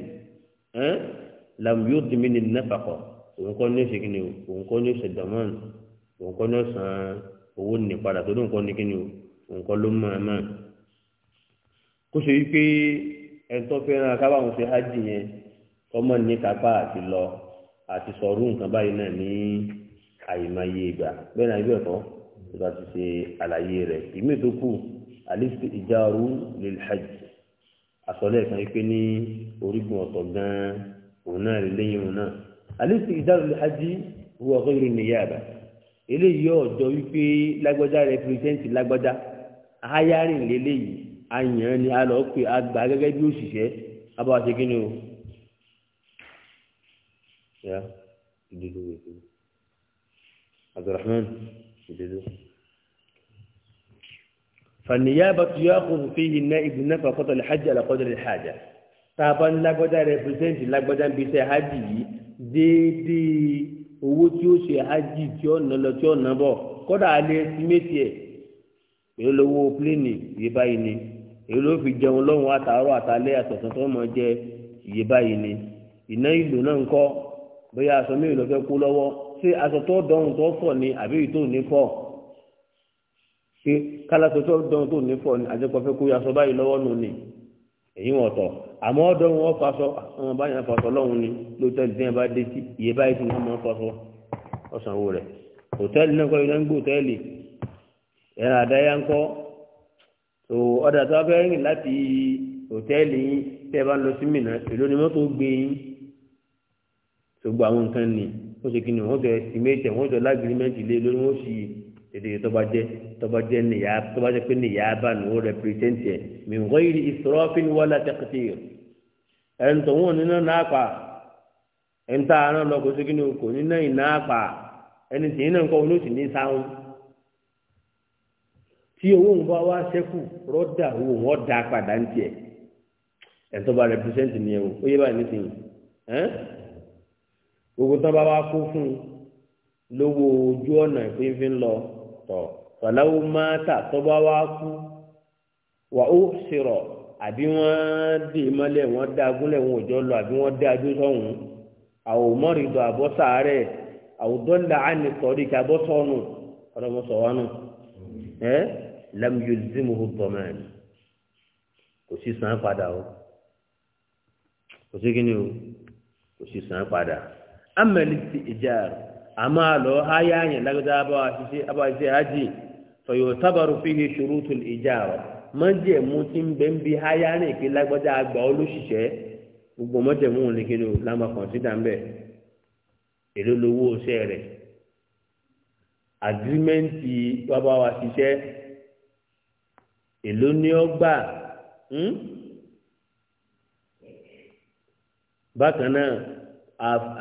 làm yóò dìmí ní nàfàkọ̀ òun kọ́ ní oṣù kìíní o òun kọ́ ní oṣù dọ̀mọ́n òun kọ́ ní ọ̀sán owó ní padà tó dùn kọ́ ní kìíní o òun kọ́ ló mọ̀ ẹ́ mọ̀. kó ṣe wípé ẹ̀ńtọ́ fẹ́ràn akábàwọn ṣe hajj yẹn kọ́mọ̀ ní kápá àti lọ àti sọ̀rú nǹkan báyìí náà ní àyèmáyé tó bá ti ṣe àlàyé rẹ̀ ìmí tó kù àlìsí ìjáàrú lil hajj àsọlẹ̀ kan yìí pé ní orígun ọ̀tọ̀ gan-an òun náà lè léyìn òun náà àlìsí ìjáàrú lil hajj huwa ghayru niyaba eléyìí ọjọ́ wípé lágbájá rẹpírẹsẹ̀ntì lágbájá háyárìn lélẹ́yìí àyàn ni a lọ pé bí òṣìṣẹ́ abáwá ṣe kí o. ya ìdílé ìdèdè. فالنيابة يأخذ فيه النائب نفقة الحج على قدر الحاجة tàbá ńlágbọ́dá rẹpírẹsẹ̀ntì lágbọ́dá ń bí iṣẹ́ hajj yìí déédéé owó tí ó ṣe hajj tí ó nà lọ tí ó nà bọ̀ kọ́dà alẹ́ ẹsímẹ́tì ẹ̀ èyí lówó pléènì yìí báyìí ni èyí ló fi jẹun lọ́hùn àtàárọ̀ àtàlẹ́ àtọ̀tàn tó mọ̀ jẹ yìí báyìí ni ìná ìlú náà ń kọ́ bóyá aṣọ mélòó lọ fẹ́ kó lọ́wọ́ ṣe aṣọ tó dọ̀hún tó fọ̀ ni àbí èyí tó ní fọ̀ ṣe kálaṣọ tó dọ̀hún tó ní fọ̀ ni àjẹpọ̀ fẹ́ kó aṣọ báyìí lọ́wọ́ nù ni èyí wọn tọ̀ àmọ́ ọ̀dọ̀ wọn faṣọ àwọn báyìí wọn faṣọ lọ́hùn ni lóòótẹ́lì tí wọn bá dé sí iye báyìí tí wọn máa faṣọ ọ̀sánwó rẹ̀ hòtẹ́ẹ̀lì náà kọ́ ilé ń gbé hòtẹ́ẹ̀lì ẹ̀rọ àdáyà ń kọ́ ọ̀dà tó gbogbo àwọn nǹkan nìyí wọ́n ṣe kíni wọ́n jọ ẹ̀sìmẹ́tì wọ́n jọ lágírímẹ́ntì lé lórí wọ́n sì èdè tọ́ba jẹ́ tọ́ba jẹ́ nìyá tọ́ba jẹ́ pé nìyá bá nù ó rẹpírẹ́sẹ̀ntì ẹ̀ mìíràn yìí ìsọ̀rọ̀fín wọlé àtẹ̀kẹ́tì ẹ̀rù tó wọn nínú náà pa ẹ̀ńtà àárọ̀ lọ kó ṣe kíni kò nínú ìnáà ẹni tì í náà kọ́ olóòtú ní sáwọn tí owó ń bá wá sẹ́kù rọ́dà owó wọn dá padà ń tiẹ̀ ẹ̀ńtọ́ba rẹpírẹ́sẹ̀ntì ni ẹ̀ gbogbo tán bá wá kó fún un lówó ojú ọ̀nà ìpínfín lọ tọ̀ tọ̀láwó máa tà tó bá wá kú wà ó ṣèrọ̀ àbí wọ́n dè mọ́lẹ̀ wọ́n dá agúnlẹ̀ wọn òjọ́ lọ àbí wọ́n dá adó sọ́hún àwọn mọ́rìndọ̀ àbọ̀ sàárẹ̀ àwùjọ sọ̀rí kí abọ́ sọ́nù ọlọ́mọsọ̀ wa nù kò sí sàn padà o kò sí kí ni o kò sí sàn padà. amalisi ijaru amma lo haya ne lagbada ba shi aba shi haji fa yutabaru fihi shurutul ijara maje mu tin ben bi haya ne ki lagbaja agba olosise gbogbo maje mu ni kilo la ma consider nbe èló lowó iṣẹ rẹ agirimẹnti bàbá wa ni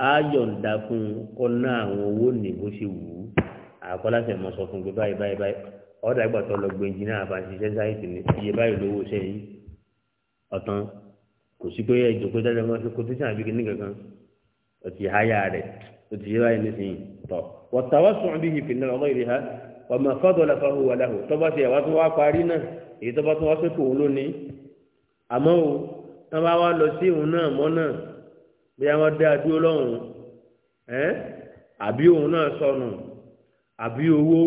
ayọ̀ǹda fún kọ́ ná àwọn owó ní bó ṣe wù ú àkọ́láṣẹ̀ mọ̀ sọ fún pé báyìí báyìí báyìí ọ̀dà ìgbà tó lọ gbé ìjìnà àfàṣiṣẹ́ sáyẹ̀tì ní iye báyìí lówó ṣẹ́ yìí ọ̀tán kò sí pé ẹjọ́ pé dáadáa mọ́ ṣe kó tó ṣàn àbí kíní kankan ọ̀tí háyà rẹ̀ ọ̀tí yẹ báyìí nísìnyí tọ̀ wọ̀tàwá sùn bí ìfì náà ọlọ́ ìrìhá ọmọ fọ́dọ̀lá fáwọn a wọn dá adúró lọ́hùn ẹ́ àbí òun náà sọnù àbí owó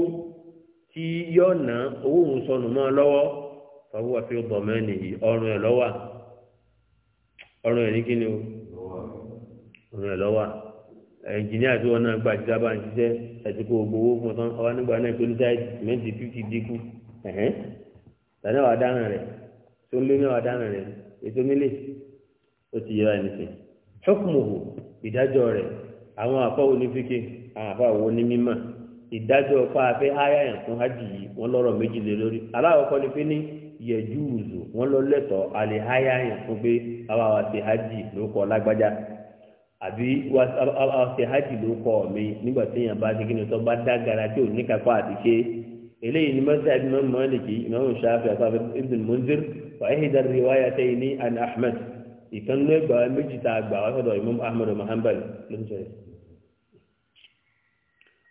tí yọ ná owó òun sọnù mọ́ lọ́wọ́ fọwọ́ fi bọ̀ mẹ́ni ọrùn ẹ̀ lọ́wọ́ ọrùn ẹ̀ ní kí ni o ọrùn ẹ̀ ẹnjìníà tí wọn náà bá ń ṣiṣẹ́ ẹtì kó gbowó fún tán ọwọ́ nígbà náà tó ní dínkù ẹ̀hẹ́n rẹ̀ tó ń lé rẹ̀ ètò ó ti yẹra ṣọ́kùnmòhò ìdájọ́ rẹ̀ àwọn àfa onífíkè àwọn àfa wo ní mímọ̀ ìdájọ́ ọ̀pá afẹ́ háyà yàn fún hajj yìí wọ́n lọ́rọ̀ méjì lé lórí aláwọ̀kọ́ ni pé ní yẹjúùzù wọ́n lọ lẹ́tọ̀ọ́ alẹ́ háyà yàn fún pé àwa wa ṣe hajj ló kọ́ lágbájá àbí wa ṣe hajj ló kọ́ mi nígbà tí yàn bá ṣe tó bá dá gara tí ò ní kápá àti ṣe eléyìí ni mọ́sáàb mọ́mọ́lìkì ìmọ̀ọ́mù ṣáfì àfàfẹ́ ibùdó mọ́nzir wàhíhìdá riwáyà tẹ́yìn ní àná ahmed ìkànnú ẹgbà méjì tá a gbà wá sọdọ imam ahmed muhammed ló ń sọ yìí.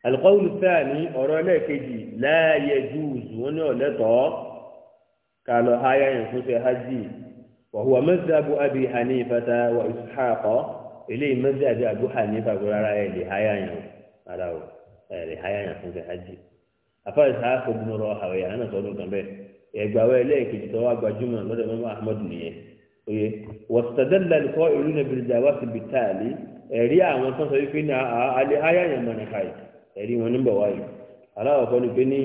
alikọ́wùlù sáà ní ọ̀rọ̀ ẹlẹ́ẹ̀kejì láàyè júùsù wọn ní ọ̀lẹ́tọ̀ọ́ ká lọ háyà yẹn fún ṣe hajj wàhùwà mẹ́sàbù abi hanifata wa ìsúhàkọ́ eléyìí mẹ́sàbù abu hanifa rárá ẹ̀ lè háyà yẹn rárá o ẹ̀ lè yẹn fún ṣe hajj afa ìsúhàkọ́ bùnú rọ àwẹ̀ yẹn àná sọ́dún kan bẹ́ẹ̀ ẹ̀gbà wẹ́ ẹlẹ́ẹ̀kejì tó wá lọ́dọ̀ mọ́mọ́ ahmed nìyẹn oye wọ́sítẹ́dẹ́lẹ́ lùkọ́ ìlú nàbìrì jàwá sí bìtáàlì ẹ̀rí àwọn tó ń sọ wípé ní alẹ́ ayáyàn mọ̀nàkàì ẹ̀rí wọn níbọ̀ wáyé aláwọ̀kọ́ ni pé ní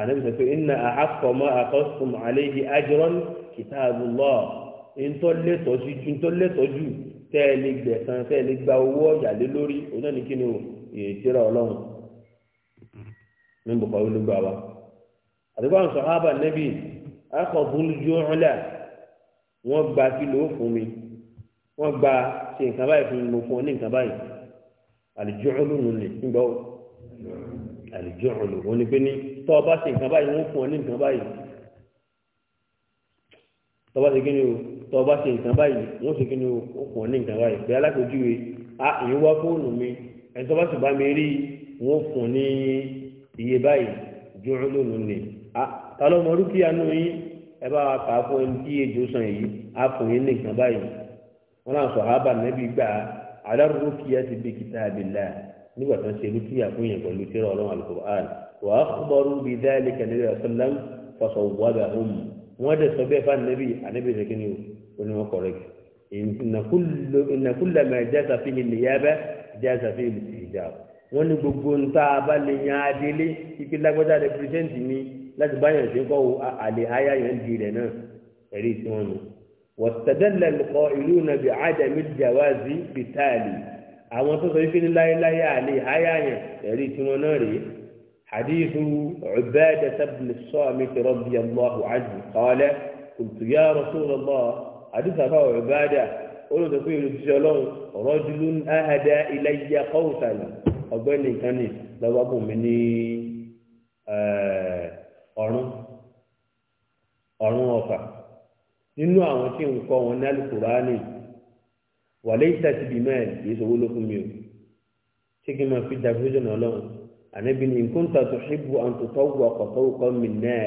ànábìsọ pé iná àkọ́mọ́ àkọ́sùn àléhi ajọ́rọ́n kìtàbùlọ́ ntọ́lẹ́tọ́jú tẹ́ẹ̀lì gbẹ̀sán tẹ́ẹ̀lì gba owó ọ̀yà lé lórí oná ní kíni o ìṣẹ́ra ọlọ́run ní bùkọ́ olùgbà wọ́n gba kílò fún mi wọ́n gba ṣe nǹkan báyìí fún mi mo fún ọ ní nǹkan báyìí àlùjọ́ọ̀lù nù ní gbọ́ àlùjọ́ọ̀lù òun ni pé ní tọ́ ọ bá ṣe nǹkan báyìí wọ́n fún ọ ní nǹkan báyìí tọ́ ọ bá ṣe kí ni o tọ́ ọ bá ṣe nǹkan báyìí wọ́n ṣe kí ni o wọ́n fún ọ ní nǹkan báyìí pé alákòójúwe a ìyẹn wá fóònù mi ẹni tọ́ bá sì bá mi rí wọ́n fún ní iye báyìí jọ́ọ̀lù nù ní a ta mọ rúkìá nù yín ẹ bá wa kà á fún ẹni tí ejò sàn yìí á fún yín nìkan báyìí wọn náà sọ àbá nẹbi gbà alárùkù kí ẹ ti bí kìtà àbílà nígbà tó ń ṣe lùkìyà fún yẹn pẹ̀lú tíra ọlọ́run alukur'an wà á kúbọrú bí dáìlì kẹlẹ́rẹ́ ọ̀sán fọṣọ wàgà hóm wọn dẹ̀ sọ bẹ́ẹ̀ fún nẹbi ànẹbi rẹ kíni o ní wọn kọ̀rẹ́ ìnàkúlẹ̀ mẹ́ jáza fi ni nìyẹ́bẹ́ jáza fi ni wọn ní gbogbo ntá abalẹ̀ yẹn láti bá yẹn ṣe kọ́ wo àlè háyà yẹn di rẹ̀ náà ẹ̀rí tí wọ́n nu. wọ́tẹ̀dẹ́lẹ̀ lùkọ́ ìlú náà bí ádámì jàwáàzì bìtáàlì àwọn tó sọ wípé ní láyéláyé àlè háyà yẹn ẹ̀rí tí wọ́n náà rèé. حديث عبادة بن الصامت رضي الله عنه قال قلت يا رسول الله حديث أبو عبادة قلت في الجلون رجل أهدى إلي قوسا أبني كان لو أبو مني آه ọ̀run ọ̀run ọ̀fà nínú àwọn tí ń kọ́ wọn ní alukùránì wàlẹ́ ìtàsí bímọ ẹ̀ kì í sọ wọ́n ló fún mi o ṣé kí n máa fi dàgbéjọ́nà ọlọ́run ànábi ní nkúntà tó ṣíbù àǹtòtò wù ọ̀kọ̀tọ̀ wùkọ́ mi náà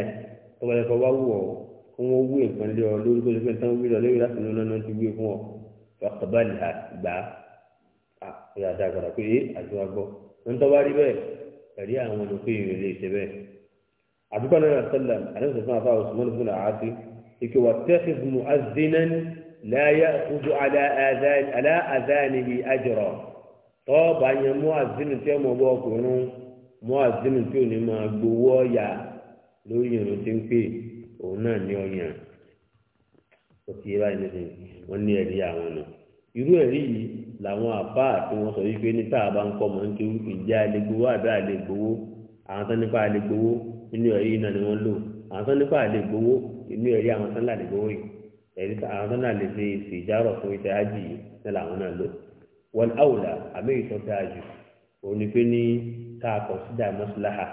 tọ́balẹ̀kọ́ wá wù ọ́ kó wọ́n wú nǹkan lé ọ lórí kó lóṣù tán wí lọ lórí láti lọ́nà ti wí fún ọ fàkàbàlì àgbà àkúyàdá àgbàdà pé àdúrà gbọ́ ń tọ́ bá rí bẹ́ẹ̀ pẹ̀lú àwọn olùkọ́ ìrẹ̀lẹ̀ àdúgbò náà sẹ́lẹ̀ àdéhùn fún afá osùmọ́nù fún àásí ike wà tẹ́kìs mu azinan láyé ojú alá azánìbi àjọrọ̀ tọ́ọ̀bù àyẹ̀ mú azinu tí ọmọ bọ́ ọkùnrin mú azinu tí ò ní máa gbowó ọ̀yà lórí irun tí ń pè òun náà ní ọ̀yàn ó ti yé báyìí nísìnyí wọ́n ní ẹ̀rí àwọn nù irú ẹ̀rí yìí làwọn àbá àti wọn sọ wípé ní tá a bá ń kọ́ mọ̀ ń kéwú ìjẹ́ àlegbowó àbẹ́ àlegbowó àwọn tó nípa àlegbowó inú ẹ̀rí iná ni wọ́n lò àwọn tó nípa àlè gbowó inú ẹ̀rí àwọn tó ń là lè gbowó yìí ẹ̀rí àwọn tó ń là lè fi ìjárọ̀ fún iṣẹ́ ájì yìí ní làwọn náà lò wọn áwùlà àmì ìtọ́jú àjù òun ni pé ní ká kọ̀sídà mọ́síláhà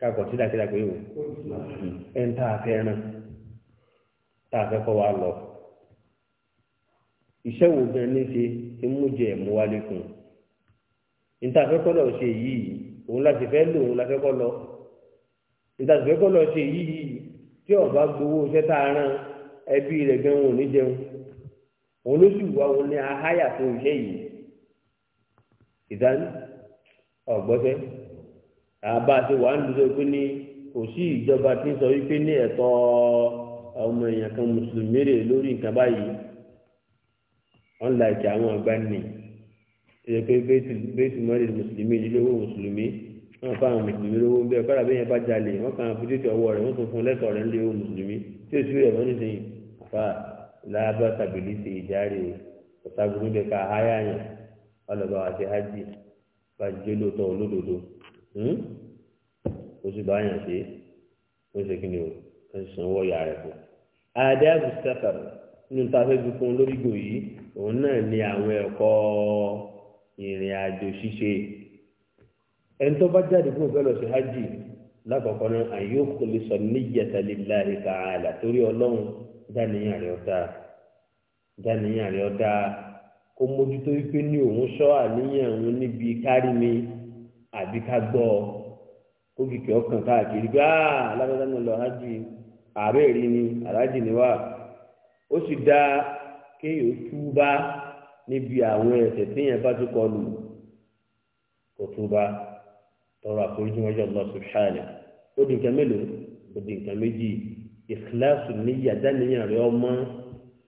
ká kọ̀sídà kí lápẹ́ ìwò ẹ̀ ń tá a fẹ́ fẹ́ kọ́ wa lọ iṣẹ́ wo gan ní ṣe ti mú jẹ ẹ̀mú wálé fún un ìtàfẹ́kọ́ lọ ṣe yìí òun láti fẹ́ lò òun láfẹ́kọ́ lọ ìdàgbẹ́ kọ́ lọ ṣe yíyí tí ọba gbowó iṣẹ́ tá a rán ẹbí rẹ̀ gan wọn ò ní jẹun òun ló sì wá òun ní aháyà tó iṣẹ́ yìí ìdáná ọ̀gbọ́sẹ́ àbá ti wà ń sọ pé ní kò sí ìjọba tí ń sọ wípé ní ẹ̀tọ́ ọmọ èèyàn kan mùsùlùmí rè lórí nǹkan báyìí wọn là ìkẹ́ àwọn ọgbà nì ẹ pé bẹ́ẹ̀ tí mọ́lẹ̀ mùsùlùmí ìdílé owó mùsùlùmí wọn fa àwọn mùsùlùmí lówó ń bẹ kọ́ra bí yẹn bá jalè wọn kàn fojú ti ọwọ́ rẹ̀ wọn tún fún lẹ́tọ̀ rẹ̀ ń lé owó mùsùlùmí tí o sì rẹ̀ wọ́n nísìnyí fa làbá tàbílí ṣe ìjárè ọ̀tàgùn bẹ ká háyà yàn ọlọ́ba àti hajj bàjẹ́ lóòótọ́ olódodo oṣù hmm? bá yàn ṣe ó ṣe kí ni o ó sì sanwó ọ̀yà rẹ̀ fún. adé àbùsítàkàrọ̀ nínú tá a fẹ́ fi kún lórí gòyí òun náà ni àwọn ẹ̀kọ́ ìrìn àjò ṣíṣe ẹni tó bá jáde fún ìfẹ́ lọ sí hajj lákọ̀ọ́kọ́ ní àyókù lè sọ níyàtà lílá ìka àlà torí ọlọ́run dáníyàn rẹ̀ ọ̀dà dáníyàn rẹ̀ ọ̀dà kó mójútó wípé ní òun sọ àníyàn òun níbi kárí mi àbí ká gbọ́ ọ kó kìkì ọkàn káàkiri pé áà alágbádá mi lọ hajj ààrẹ rí ni aláàjì ni wá ó sì dá kéèyàn túbá níbi àwọn ẹ̀sẹ̀ téèyàn bá tún kọlù kò túbá tọrọ àforíjì wọn jẹ Allah subhanahu ó di nǹkan mélòó ó di nǹkan méjì ìkíláàsù níyà dánìyàn rẹ ọmọ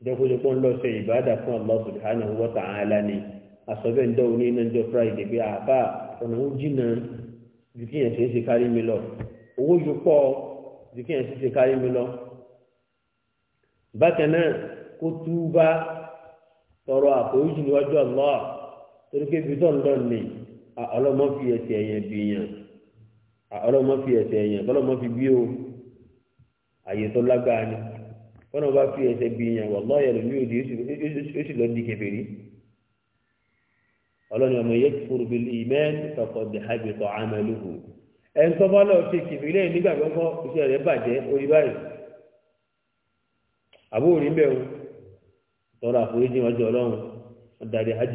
jẹ́kọ́jọ́ pọ́n lọ ṣe ìbáàdà fún Allah subhanahu wa ta'ala ni àsọ̀bẹ̀ ń dọ́wọ́ ní inájọ́ friday bí àbá ọ̀nà ó jìnnà ju kí yẹn ṣe é ṣe kárí mi lọ owó yóò ju kí yẹn ṣe é ṣe kárí mi lọ bákan náà kó túbá tọrọ àforíjì níwájú Allah torí pé bídọ̀ ń lọ ọlọ́mọ fi ẹsẹ̀ yẹn bí yàn ọlọ́mọ fi ẹsẹ̀ yẹn bọ́lọ́mọ fi bí o àyè tó lágbára ni bọ́lọ́mọ bá fi ẹsẹ̀ bí yàn wọ́n lọ́ọ̀yà lómi òde ó sì lọ di kẹfẹ́rí ọlọ́ni ọmọ yẹ kúrò bí ìmẹ́ẹ́n tọkọ dẹ̀ hábi tọ́ amẹ́lúhu ẹ̀ ń tọ́ bọ́lọ́ ṣe kẹfẹ́rí lẹ́yìn nígbà gbọ́ngàn iṣẹ́ rẹ̀ bàjẹ́ orí báyìí àbúrò níbẹ̀ o tọ́lá àforíjì wọn jọ ọlọ́run darí hajj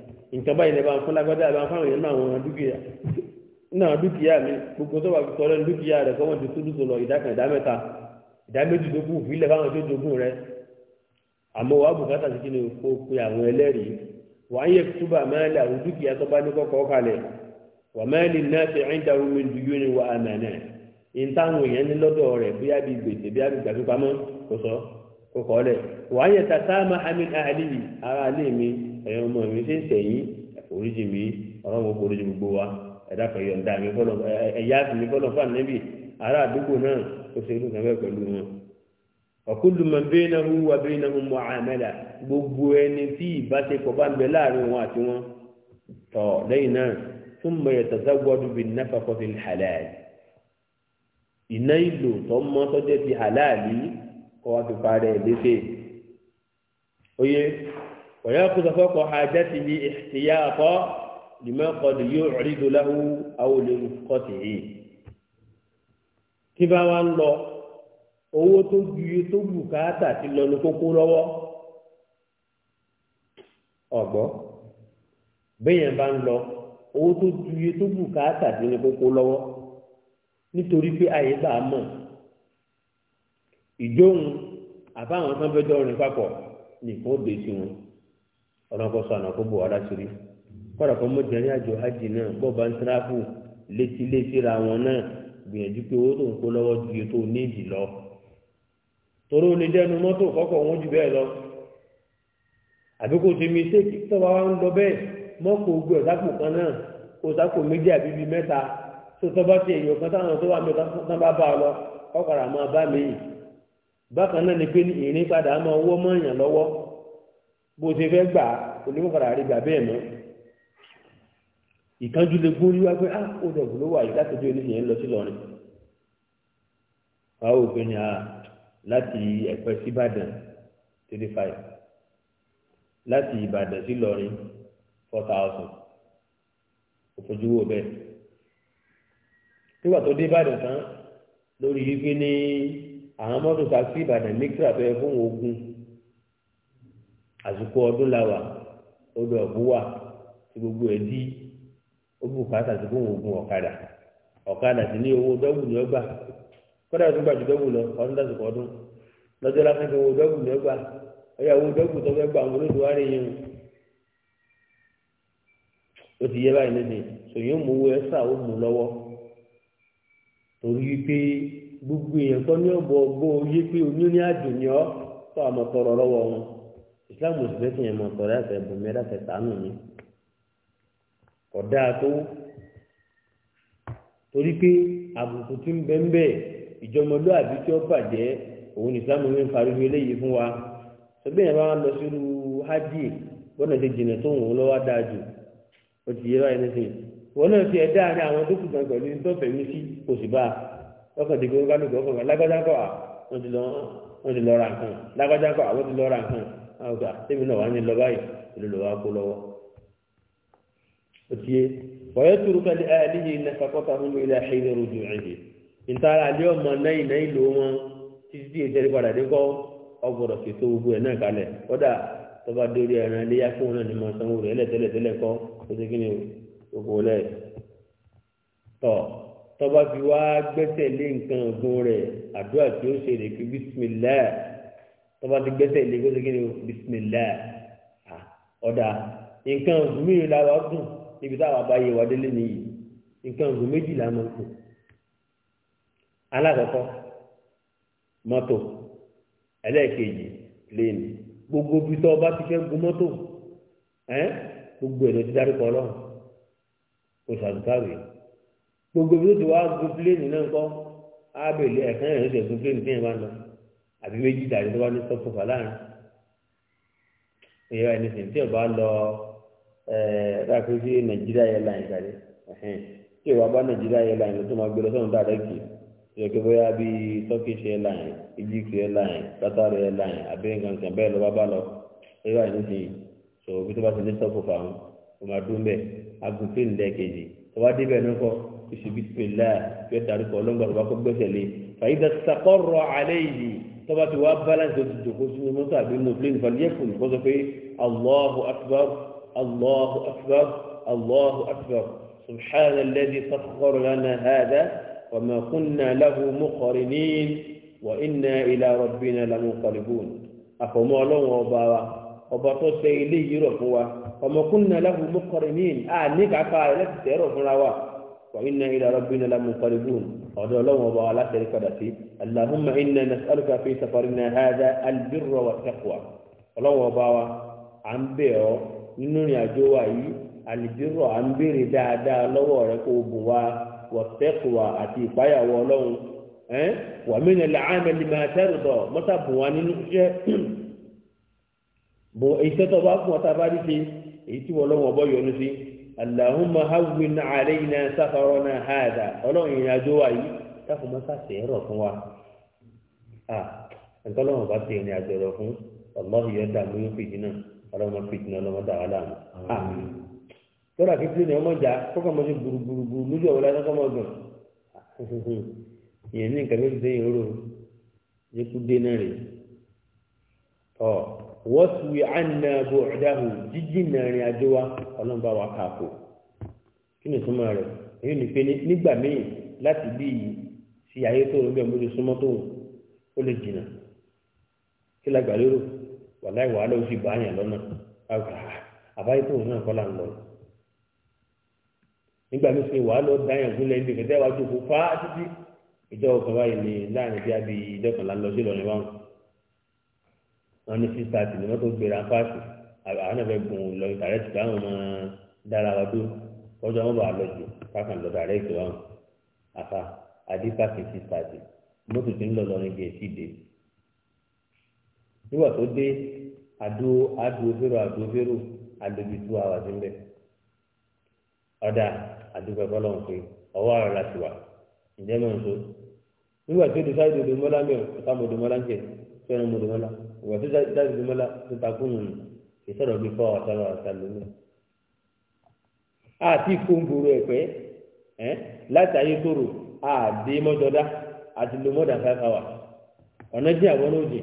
nǹkan báyìí lè bá ń fún lágbádá àbá fáwọn èèyàn náà wọn dúkìá náà dúkìá mi gbogbo tó bá fi tọrọ ní dúkìá rẹ kọ́mọ̀ ti túlù tó lọ ìdá kan ìdá mẹ́ta ìdá méjì tó kù fílẹ̀ fáwọn tó jogún rẹ àmọ́ wàá bùkátà sí kí ni o pe àwọn ẹlẹ́rìí wàá yẹ túbà mẹ́lẹ̀ àwọn dúkìá tó bá ní kọ́kọ́ kalẹ̀ wà mẹ́lẹ̀ náà ti ń da omi dùyó ni wà àmàlẹ́ ìntàwọn kókó lẹ̀ wàá yẹ tata ma amin ahali yìí ara alẹ́ mi ẹ̀yọ́ ọmọ mi ṣe ń sẹ̀yìn oríjì mi ọlọ́run kò oríjì gbogbo wa ẹ̀dá kan yọ̀ ǹda mi fọlọ́ ẹ̀yà mi fọlọ́ fún ànábì ara àdúgbò náà ó ṣe irú kan bẹ́ẹ̀ pẹ̀lú wọn ọ̀kúlù mọ̀ bẹ́ẹ̀ náà hu wa bẹ́ẹ̀ náà hu mọ̀ àmẹ́là gbogbo ẹni tí ìbáṣepọ̀ bá ń bẹ láàrin wọn àti wọn tọ̀ lẹ́yìn náà fún mọ̀yẹ̀ tàzáwọ́dù bí náfàkọ́ fi hàlàyé ìná kó wá fi parẹ́ léṣe. oyè wọ́yẹ́ kó sọ fọ́kọ̀ àjẹsí ní ìyá àkọ́ lùmọ́ kọ́dù yóò rí dolahu awolé kọ́tì yìí. tí bá wá ń lọ owó tó ju iye tó bù káàtà ti lọ ní kókó lọ́wọ́ ọ̀gbọ́ béèyàn bá ń lọ owó tó ju iye tó bù káàtà ti ní kókó lọ́wọ́ nítorí pé àyè bá a mọ̀. ìjóhun àbáwọn tó ń fẹjọ rìn papọ̀ nìkan ó dé sí wọn ọlọ́kọ̀ sọ àná kó bò wá kọ́dà kó mọ̀ jẹ́rìí àjò hajj náà bọ́ọ̀bá ń tíráfù létí létí ra wọn náà gbìyànjú pé owó tó ń lọ́wọ́ ju tó lọ torí ó dẹnu mọ́tò kọ́kọ́ wọn jù bẹ́ẹ̀ lọ àbí kò ti mi ń lọ bẹ́ẹ̀ mọ́kò ogun kan náà méjì àbí bíi mẹ́ta tó ti bákan náà ni pé ìrìn padà máa wọ́ mọ́ọ̀yàn lọ́wọ́ bó ṣe fẹ́ gbà onímọ̀kàrà rí bẹ́ẹ̀ mọ́ ìkanjú lè gún rí pé ah ó dọ̀bù ló wà yìí láti ojú oníṣẹ́ ń lọ sí lọ́rin a ó pe ní a ah, láti ẹ̀pẹ́ síbàdàn three five láti ìbàdàn sí lọ́rin four thousand òfojúwò bẹ́ẹ̀ nígbà tó dé ìbàdàn tán lórí yìí pé ní àwọn mọ́tò ta sí ìbàdàn mixra tó yẹ fún ogun àsìkò ọdún làwà odò ọ̀bùwà tí gbogbo ẹ̀ dí ó bù kátà sí fún ogun ọ̀kadà ọ̀kadà sí ní owó dọ́gbù ní ọgbà kọ́dà tó gbàjú dọ́gbù lọ ọdún dásìkò ọdún lọ́jọ́ láfẹ́fẹ́ owó dọ́gbù ní ọgbà ọ̀yà owó dọ́gbù tó fẹ́ gbà àwọn olóṣèwárí yẹn ó ti yẹ báyìí lẹ́sìn sòyìn mú owó ẹ̀ sà ó mú lọ́wọ́ torí pé gbogbo èèyàn kan ní ọ̀bọ̀ ọgbọ́n oyé pé oní ní àdùnní ọ́ tó àmọ̀ tọrọ lọ́wọ́ wọn islam ò sì fẹ́ kí èèyàn mọ̀ tọrọ ẹ̀fẹ̀ bùnmi ẹ̀dáfẹ̀ sànù mi kọ̀dá tó torí pé àbùkù tí ń bẹ́ ń bẹ́ ìjọmọlúàbí tí ó bàjẹ́ òun islam ń pariwo eléyìí fún wa sọgbẹ́ yẹn bá wà lọ sírú hajj bọ́nà ti jìnà tó òun lọ́wọ́ dáa jù ó ti yé báyìí nísìnyí wọn náà fi ẹ̀ dáa ní àwọn tó kù ọkọ̀ dìgbò kálukú ọkọ̀ kan lágbájá kọ́ à wọ́n ti lọ ra nǹkan lágbájá kọ́ à wọ́n ti lọ ra nǹkan àwọn ọkọ̀ náà wà ní lọ báyìí ìlú lọ́wọ́ á kó lọ́wọ́. òtí wọ́yẹ́ turuka ní ayélujára ilẹ̀ sàkọ́tà fún mi ẹ̀jẹ̀ ọmọ títí tí dé kọ́ ọgbọ̀dọ̀ gbogbo ẹ̀ náà kalẹ̀ kọ́dà tọ́ba dórí fún rẹ̀ kọ́ tọba fi wá gbẹ́sẹ̀ lé nǹkan ọ̀gbun rẹ̀ àdúrà tí ó ṣe lè fi bisimilá tọba ti gbẹ́sẹ̀ lé gbẹ́sẹ̀ kí ni bisimilá ọ̀dà nǹkan ọ̀gbun mi la wá gùn níbi táwa bá yẹ wá délé nìyí nǹkan ọ̀gbun méjì la máa gùn alákọ̀ọ́kọ́ mọ́tò ẹlẹ́ẹ̀kejì pléènì gbogbo bí tọ́ ti fẹ́ gun mọ́tò gbogbo ẹ̀ ló ti dárúkọ ọlọ́run kò ṣàdùkárò gbogbo bí ó ti wá gun pléènì náà kọ́ ábẹ̀lẹ̀ ẹ̀kan ẹ̀rọ ṣe gun pléènì fún yẹn bá lọ àbí méjì dàrí tó bá ní sọ́kùnfà láàrin ìyẹn ẹni sìn tí ò bá lọ ẹ̀ẹ́dàkú sí nàìjíríà yẹn láàyè kàdé tí ò bá bá nàìjíríà yẹn láàyè tó máa gbé lọ sọ́run dáadáa kì í yẹ kí bóyá bíi turkish airline egypt airline qatar airline àbí nǹkan kan bẹ́ẹ̀ lọ bá bá lọ ìyẹn ẹni sìn sọ̀rọ̀ bí tó bá ti ní sọ́kùnfà wọn ó máa dún bẹ́ẹ̀ agun lẹ́ẹ̀kejì tó bá débẹ̀ náà kọ́ oṣù bisimilá yóò tàbí kọ́ ọlọ́ngbà tó bá kó gbẹ́sẹ̀ lé fàyídà sàkọ́rọ̀ alẹ́ yìí tọ́ba ti wá balance tó ti jòkó sínú mọ́tò àbí nù plane fàlíyẹ̀kùn kó sọ pé allahu akbar allahu akbar allahu akbar subhana alẹ́dí sàkọ́rọ̀ lánàá hàdá wàmà kúnnà lahu mukọrinin wà iná ilà rọ̀bìnà lamukalibun àfọ̀mọ́ ọlọ́wọ́n ọba wa ọba tó ṣe ilé yìí rọ̀ fún wa wàmà kúnnà lahu mukọrinin à ní kàkà ẹ̀ lẹ́tìtẹ̀ rọ̀ fúnra wa. وإنا إلى ربنا لمنقلبون أدعو لهم وضع لا شريك له اللهم إنا نسألك في سفرنا هذا البر والتقوى ọlọ́run ọba wa à ń bẹ̀ ọ́ nínú ìrìn àjò wa yìí àlìbírọ̀ à ń béèrè dáadáa lọ́wọ́ rẹ kó o bùn wa wọ̀tẹ́kùwà àti ìpáyàwó ọlọ́run wà mí ni làámẹ́ lè máa tẹ́rùdọ̀ mọ́tà bùn wa nínú iṣẹ́ bùn iṣẹ́ tó bá fún ọ tá a bá rí ṣe èyí tí wọ́n lọ́wọ́ ọbọ̀ yọnu sí àlàhùnmá hàwìn àlẹ́ iná sáfàrọ̀ náà hàdà ọlọ́run ìrìn àjò wa yìí táfù má sàṣẹ ẹ̀rọ fún wa nǹkan lọ́wọ́ bá ti ìrìn àjò rẹ fún ọlọ́run yóò dààmú yóò fìdí náà ọlọ́run fìdí náà ọlọ́run dàwà láàmú. lọ́dà kékeré ni ọmọ ìjà kókò mọ́ sí gbùrùgbùrù lójú ọ̀wọ́ lásán kọ́ mọ́ gàn ìyẹn ní nǹkan méjì ọ wọ́sùwì àná bọ̀dáhù jíjìnà rìn àjò wa ọlọ́mbà wa kàkó kí ni súnmọ́ rẹ̀ èyí ni pé nígbà míì láti bí yìí sí ayé tó ń bẹ̀ mú lè súnmọ́ tóun ó lè jìnà kí la gbà lérò wàláì wàhálà ó sì bá yàn lọ́nà àbáyé tóun náà kọ́ là ń lọ nígbà míì sí wàhálà ó dá yàn gúnlẹ̀ níbi kẹtẹ́ wàá jókòó fáá títí ìjọ ọkàn báyìí ni láàrin bí a bí kan lọ sí lọ́rin báwọn wọn ní six thirty ni mọ́tò gbéra fáàtì àwọn náà fẹ́ gùn lọ ìtàrẹ́tì káwọn máa dára wa dúró kọjá wọn bá lọ jù kákan lọ dàrẹ́tì wọn àfa àdìpàkì six thirty mọ́tò ti ń lọ lọ́rin gẹ̀ sí de nígbà tó dé àdó àdó fèrò àdó fèrò àdóbi tú àwà sí mbẹ ọ̀dà àdúgbò ẹ̀fọ́ lọ́wọ́ pé ọwọ́ àrọ̀ láti wà ǹjẹ́ mọ̀ nso nígbà tó dé sáyé dodo mọ́lá mẹ́rin ọ̀tá mọ́ dodo mọ́lá ń jẹ́ fẹ́ràn mo dùnmọ́lá ìwà tó dájú dùnmọ́lá tó takú nù nù ìsọ̀rọ̀ bí fọ́ àtàlọ́ àtàlọ́ mi. àti fóńgòrò ẹ̀pẹ́ láti ayé tóró àdé mọ́jọ́dá àti lo mọ́dà five hours ọ̀nà jẹ́ àwọn lóde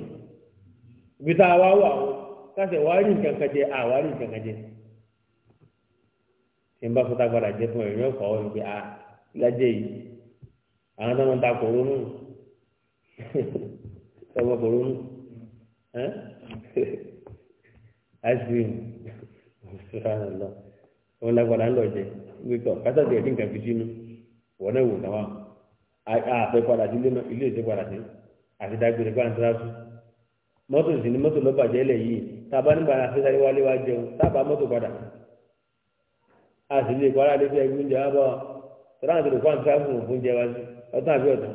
ibi tá a wá wà ó káṣẹ̀ wá rí nǹkan kan jẹ àwa rí nǹkan kan jẹ. tí n bá fọ́tà gbọ́dọ̀ jẹ́ fún ẹ̀rín ọ̀kọ́ ọ̀hún pé a lájẹ́ yìí àwọn tó ń ta kòrónù. *laughs* ẹ̀wọ̀ fòrónú ice cream ṣùgbọ́n wọn ń lọ jẹ wíkọ fi sínú wọn náà wò náwà àfẹ padà sí ilé ilé ìṣe padà sí àti dágbére ń mọ́tò sì ni mọ́tò lọ́bàjẹ́ lẹ̀ yìí tábà nígbà wálé wá jẹun tábà mọ́tò padà a sì lè kọ́ ara lé wá bọ́ tẹ́lá fún wá sí ọtún àbí ọ̀tún.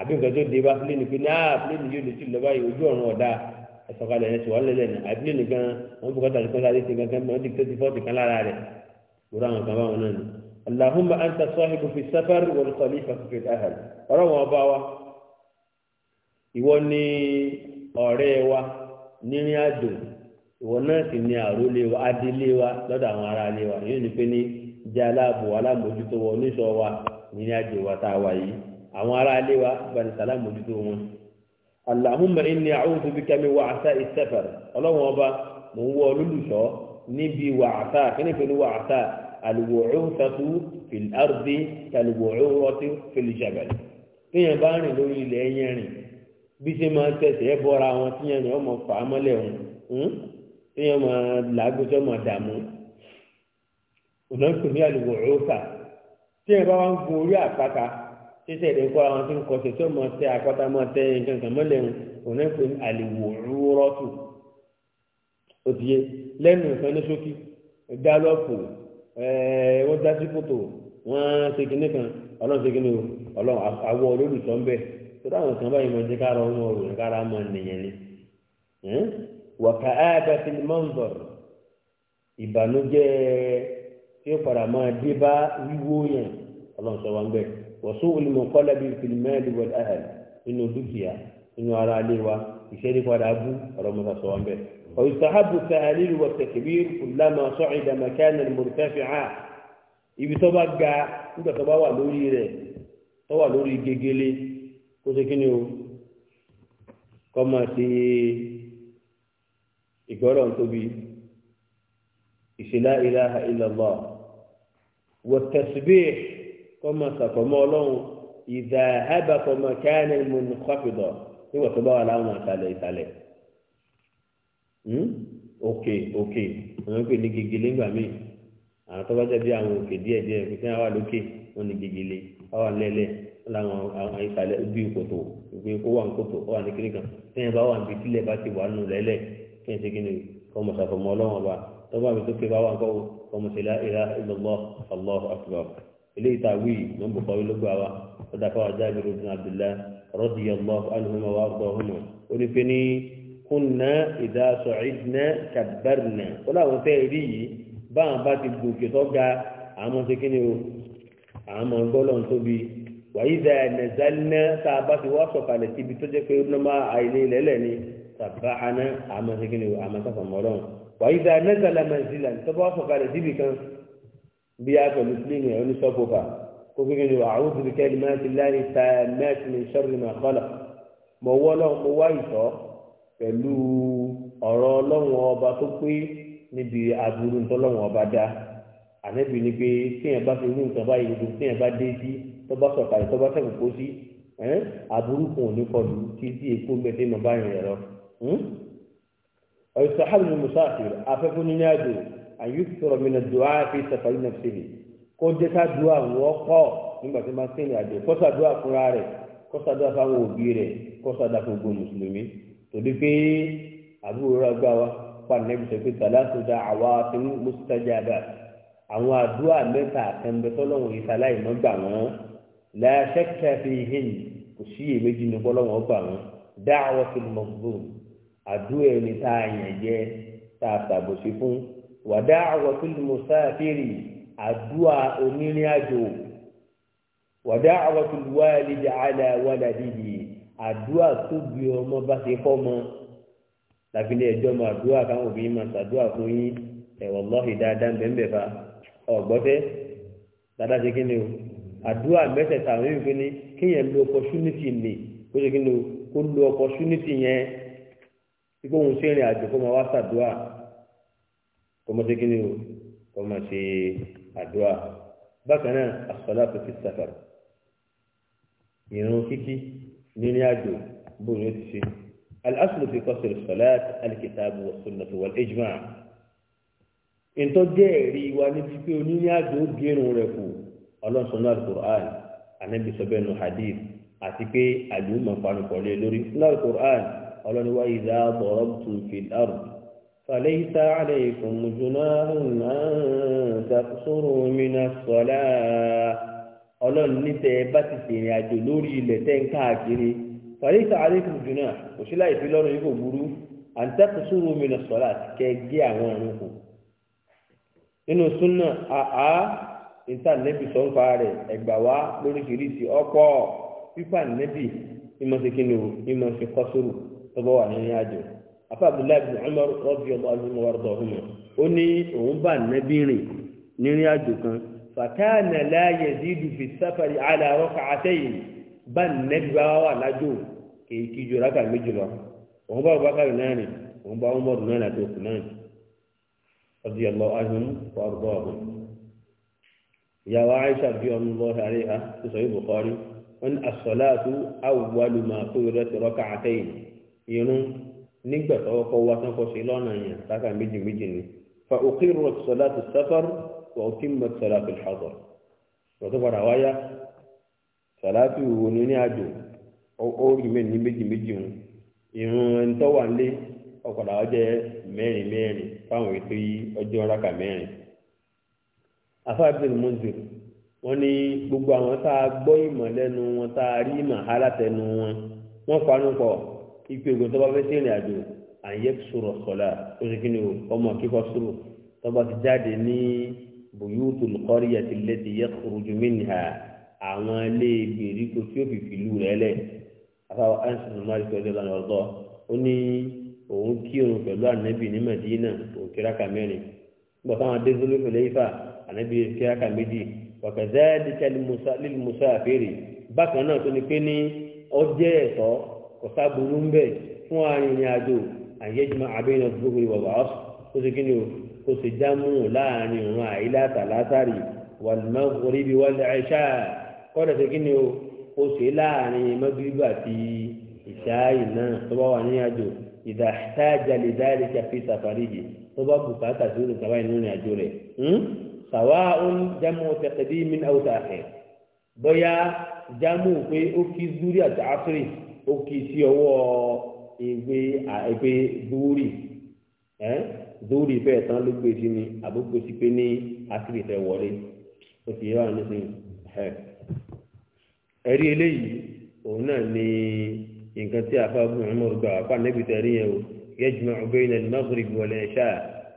àbí nǹkan tó dé bá pílẹ̀nì pé náà pílẹ̀nì yóò lè tún lọ báyìí ojú ọ̀run ọ̀dà ẹ̀sọ̀kalẹ̀ ẹ̀ sọ̀rọ̀ lẹ́lẹ̀ ní àbí pílẹ̀nì gan wọn bùkọ́ tàbí kọ́lá lé ti gangan wọn ti tó ti fọ́ọ̀tì kan lára rẹ̀ wúrọ̀ àwọn kan báwọn náà ni. alahuma anta sọ́hìbù fi sáfẹ́rì wọn kọ́ ní ìfàkùfẹ́ ahàlì ọ̀rọ̀ wọn bá wa ìwọ àwọn ará ilé wa bani sàlámù ojútó wọn alahuma ẹni àwùjọ bí kẹmi wàásà ìsẹfẹr ọlọ́wọ́n ọba mò ń wọ olólùṣọ́ níbi wàásà kíni pẹ̀lú wàásà àlùwòrán tatu fìlì àrùdí àlùwòrán rọtí fìlì jàbẹ̀lì téèyàn bá rìn lórí ilẹ̀ ẹ̀yẹ rìn bí ṣe máa tẹ̀sẹ̀ ẹ bọ́ra wọn tíyẹn ni wọ́n mọ̀ wọn hmm? téèyàn máa làágùn máa dààmú ònà ń pè ní àlùwòrán bá wà ń àpáta títẹ̀ èdè kọ́ àwọn tó ń kọ́ tètè mọ̀ tẹ àkọ́tà mọ̀ tẹ nǹkan kan mọ́lẹ̀ ń òun náà pè ní àlèwò rúrọ́tù òtìyẹ lẹ́nu nǹkan ní ṣókí gálọ́pù wọ́n já sí kòtò wọ́n ṣe kinní kan ọlọ́run ṣe kinní o ọlọ́run àwọ̀ olólùsọ ń bẹ̀ tó dáhùn kan báyìí máa ń jẹ́ kára ọmọ òrùn kára máa nìyẹn ni wọ̀ká ẹ̀ẹ́dà sí mọ́ńdọ̀rọ̀ ìbànújẹ́ tí ó padà máa dé bá wíwó yẹn ọlọ́run sọ wa ń wọ̀sùn olùmọ̀kọ́lẹ́bí fìlímẹ́ẹ̀lì wẹ̀d ahẹ̀l nínú dúkìá nínú ara ilé wa ìṣẹ́ni padà bú ọ̀rọ̀ mọ́ta sọ wọn bẹ́ẹ̀. ọ̀yùsàhábù sàhálìlù wọ tẹ̀kìbír fúlámà sọ́ọ̀dà mẹ́kánà mọ̀tẹ́fìá ibi tó bá ga nígbà tó bá wà lórí rẹ̀ tó wà lórí gegele kó ṣe kí ni o kọ́ máa ṣe ìgbọ́rọ̀ tóbi ìṣẹ̀lá ìlàhà ìlàlá wọ tẹ̀sibíir kọ́mọ sàkọ́mọ ọlọ́run ìdá abakọ̀mọ káyánà ìmọ̀ nìkọ́fìdọ̀ nígbà tó bá wà láwọn àtàlẹ̀ ìtàlẹ̀ hmm? òkè òkè àwọn ń pè ní gegele ńgbà míì àwọn tó bá jẹ́ bí àwọn òkè díẹ̀ díẹ̀ pé kí wọ́n wà lókè wọn ní gegele wọ́n wà lẹ́lẹ̀ láwọn àwọn ìsàlẹ̀ bí kòtò ìgbé kó wà ní kòtò wà ní kiri kan tẹ́yìn bá wà níbi tílẹ̀ bá ti wà nù lẹ́lẹ̀ kí eléyìí tá a wí ló ń bọ̀ kọ́ ló gbà wá ó dàpọ̀ ọjà ìbí rúbin abdullá rọ́dì yọlọ alùhùmọ̀ wà gbọ́ ọ̀húnmọ̀ ó ní pé ní kúnná ìdásọ ìdínà kàbẹ́rìnà ó láwọn fẹ́ rí yìí báwọn bá ti gòkè tó ga àmọ́ ṣe kí ni o àmọ́ gbọ́lọ̀ ń tóbi wàyí dà nàzánná tá a bá ti wá sọ̀kalẹ̀ síbi tó jẹ́ pé ó nọ́mà àìlè lẹ́lẹ̀ ni sàbáhánà àmọ́ ṣe kí ni o àmọ́ sàfàmọ́lọ́ wàyí dà nàzánná màzílà tó bá sọ̀kalẹ̀ síbi kan bí a pẹ̀lú sílẹ̀mù ẹ̀ oníṣọ́pọ̀fà kó fi kéde àwọn òbí kẹ́lí máa ti láyé ta mẹ́tì ní sọ́ọ̀rì máa kọ́là mo wọ́ lọ́wọ́ mo wá ìtọ́ pẹ̀lú ọ̀rọ̀ ọlọ́wọ́n ọba tó pé níbi aburú ntọ́lọ́wọ́n ọba dá ànẹ́bí ni pé tíyẹn bá fi irú nǹkan báyìí gbogbo tíyẹn bá dé sí tó bá sọ̀kalẹ̀ tó bá kó sí aburú kan ní kọlu tí tí èkó mẹ́tẹ́ mọ́ báyìí rẹ̀ lọ. Hm? ọ̀sán àyùsọ̀rọ̀ mi náà dùá fi sàfàlì náà fi hì kó jẹ́ ká dùá wọ́n kọ́ nígbà tí wọ́n ti rìn àjò kó sàdúrà fúnra rẹ̀ kó sàdúrà fáwọn òbí rẹ̀ kó sàdúrà fún gbogbo mùsùlùmí torí pé àbúrò rẹ̀ gbà wá fún ànábì sọ pé tàlásùdà àwa ti ń mùsùtàjà dà àwọn àdúrà mẹ́ta àtẹnbẹ́tọ́lọ́wọ̀n ìsàlàyé mọ́ gbà wọ́n láṣẹ́kẹ́ fi hìn kò sí èméjì ní bọ́lọ́wọ́n gbà wọ́n dáhàwọ́ fi mọ̀ fún àdúrà ẹni tá a yàn jẹ́ tá a tàbòsí fún wàdá àwọ̀tún mùsáfìrì àdúà onírìnàjò wàdá àwọ̀tún wàlídì àlà wàlàdìdì àdúà tóbi ọmọ bá ti kọ́ mọ́ lábílẹ̀ ẹjọ́ mọ́ àdúà káwọn òbí máa ṣàdúà fún yín ẹ̀wọ̀ lọ́ọ̀hì dáadáa bẹ́ẹ̀ bá ọ̀gbọ́tẹ́ dáadáa ṣe kí ni o àdúà mẹ́tẹ̀ẹ̀ta àwọn èèyàn fi ní kéèyàn lo opportunity ni ó ṣe kí ni o kó lo opportunity yẹn kí kóhun ṣe ìrìn àjò kó máa wá ṣàdúà kọmọdé kí ni o kọmọ ṣe àdúrà bákan náà àsọlá tó fi sàfà ìrún kíkí nínú àjò bó ni ó ti ṣe aláṣọ fi kọ́ sọ̀rọ̀ sọ̀lá alìkìtàbù ọ̀sọ̀nàtò wà lẹ́jùmọ́ ìtọ́jẹ́ ẹ̀rí wa níbi pé onírìn àjò ó gérun rẹ̀ kù ọlọ́sọ̀nà alukur'an anábìsọ̀bẹ́nu hadith àti pé àdúgbò mọ̀ panupọ̀ lé lórí lọ́rùkùr'an ọlọ́niwá ìdá bọ̀rọ̀ tún fi lárùn فليس عليكم a أن تقصروا من الصلاة ọlọ́run ní tẹ bá ti ṣèrìn àjò lórí ilẹ̀ tẹ́ ń káàkiri fàríṣà àríkùn jùnà kò sí láì fi lọ́rùn yìí kò burú àǹtẹ́kù sùúrù mìíràn sọ́lá àti kẹgẹ́ àwọn àrùn kù. nínú súnà àá sọ ń rẹ̀ ẹ̀gbà wá lóríṣiríṣi ọkọ̀ pípa afa abdullahi bin umar rọbi ọba alhuma wa rọba ọhuma ó ní òun bá nẹbí rìn nírìn àjò kan fàtàna láàyè zidu fi sáfàrí àlàrọ kàtẹyìn bá nẹbí bá wà lájò kìí kí jura ká méjì lọ òun bá ọbákàrì náà rìn òun bá umar náà rìn àti òkú náà rìn wa aisha bí ọmọ lọ́wọ́ sáré ha tó sọ yìí bukari wọn ni asọ́láàtú awùwálùmọ̀ àkóyọ̀dọ̀ tẹ̀rọ irun nígbà tọwọ́ kọ́ wá tán kọ́ sí lọ́nà yẹn sáka méjì méjì ni fa òkèrò sọláàtì sáfàr wà òkè mọ sọláàtì xadọ̀ lọ́tọ́ padà wáyá sọláàtì òní ní àjò ó rí mẹ́rin ní méjì méjì wọn ìrún ntọ́wà lé ọ̀padà ọjọ́ mẹ́rin mẹ́rin fáwọn ètò yìí ọjọ́ rákà mẹ́rin afáàbẹ̀rẹ̀ mọ́sẹ̀ wọ́n ní gbogbo àwọn tá a gbọ́ ìmọ̀ lẹ́nu wọn tá a rí ìmọ̀ ipe ògùn tó bá fẹ́ sí ìrìn àjò àyè sọ̀rọ̀ sọ̀la ó ṣe kí ni o ọmọ kíkọ sùrù tó bá ti jáde ní bùyúùtù lùkọ́rí àti lẹ́tì yẹ kúrújú mìnìhà àwọn ilé gbèríko tí ó fi fìlú rẹ̀ lẹ̀ afáwọn ansan mari fẹ́ lọ́la lọ́dọ́ ó ní òun kírun pẹ̀lú ànábì ní màdínà òun kíráka mẹ́rin nígbà táwọn adézóló fẹ̀lẹ́ ifá ànábì kíráka méjì wàkàzáàdì kẹ́lí musa àfẹ́rẹ́ bákan náà tó ní pé ní ọjẹ́ ẹ̀tọ́ kò sábòrú ń bẹ̀ fún arìnrìn àjò àyẹ́jùmọ́ abẹ́yẹn ọ̀dúnrún ìwà wàásù ó ti kí ni o kò sì dámú láàrin òun àìláta látàrí wàlùmọ́ oríbi wàlẹ̀ ẹ̀ṣá kọ́dà ti kí ni o ó sì láàrin mọ́gbígbà àti ìṣááyì náà tó bá wà ní àjò ìdá tájà lè dáre kí a fi sàfàrí yìí tó bá bùkátà sí òun tàbá ìnú ìrìn àjò rẹ̀ sàwa ó ń dámú tẹ̀tẹ̀ bí mi náà ó ta àfẹ́ dámú pé ó kí zúrí àti áfírí ó kì í sí ọwọ́ ìwé ìwé dúrì ẹ́ dúrì fẹ́ẹ̀ tán ló gbé sí ni àbúgbò sí pé ní àkìrì fẹ́ wọlé ó sì yẹ wà nísìnyí ẹ̀ ẹ̀rí eléyìí òun náà ni nǹkan tí afa abu umar gba afa anabi tari yẹn o yẹjumẹ ọgbẹyin ẹni maghrib wọlé ẹṣá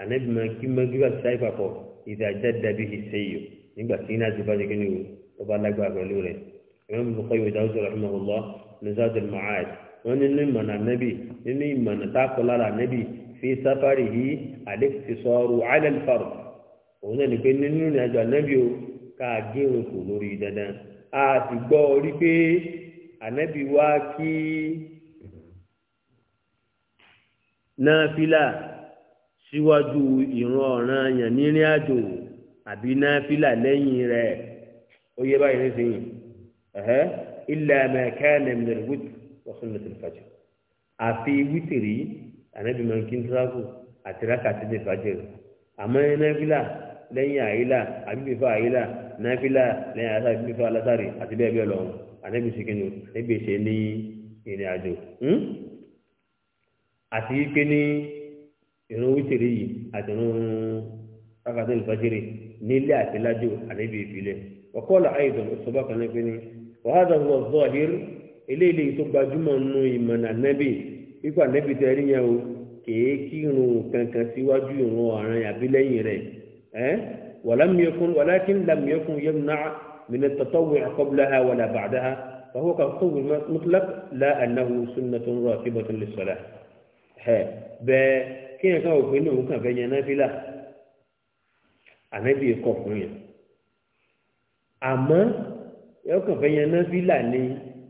anabi máa kí magriba ti sáyé papọ̀ ìdájá dàbí ìṣẹ́yìí nígbà tí iná ti bá jẹ́ kí ni o ọba alágbá pẹ̀lú rẹ̀ ìmọ̀ mi kọ́ ìwé dáhùn sọ̀rọ̀ ọ̀hún ọ̀lọ́ lizard al-ma'ad wọ́n ní ìmọ̀nà nẹ́bì nínú ìmọ̀nà fi lára nẹ́bì fi sáfárì yìí àdéfisọ́rù alẹ́lfàrù òun náà ní pé nínú ìrìnàjò o ka gírun dandan a ti gbọ́ orí pe ànẹ́bì wá kí na síwájú ìran ọ̀ràn yàn ní ìrìnàjò àbí náfìlà lẹ́yìn rẹ̀ ó yẹ báyìí إلا ما كان من الوتر وسنة الفجر أفي وتري أنا بمن كنت راكو أتراك أتدي الفجر أما نافلة لن يعيلا أبي بفا عيلا نافلة لن يعيلا أبي بفا لساري أتبي أبي لهم أنا بسكنو أبي سيني إني أجو أتي كني إنو وتري أتنو أكاديل الفجر nílé àti lájò àníbi ìfilẹ̀ ọ̀kọ́lá àìdùn ó sọ bákan náà pé ní wàhálà wọ zọhìr eléyìí tó gbajúmọ̀ nù ìmọ̀nà nẹ́bì pípa nẹ́bì tẹ́ rí yẹn o kèé kírun kankan síwájú ìrun ọ̀ràn àbí lẹ́yìn rẹ̀ ẹ́ wàlámìẹ́kùn wàlákìn lámìẹ́kùn yẹn náà mìíràn tọ́tọ́ wẹ̀ àkọ́bùlá ha wàlà bàdá ha فهو كالطول مطلق لا أنه سنة راتبة للصلاة ها با كين كان وكين وكان بين نافلة أنا بيقف وين أما ẹ kàn fẹ́ yan ni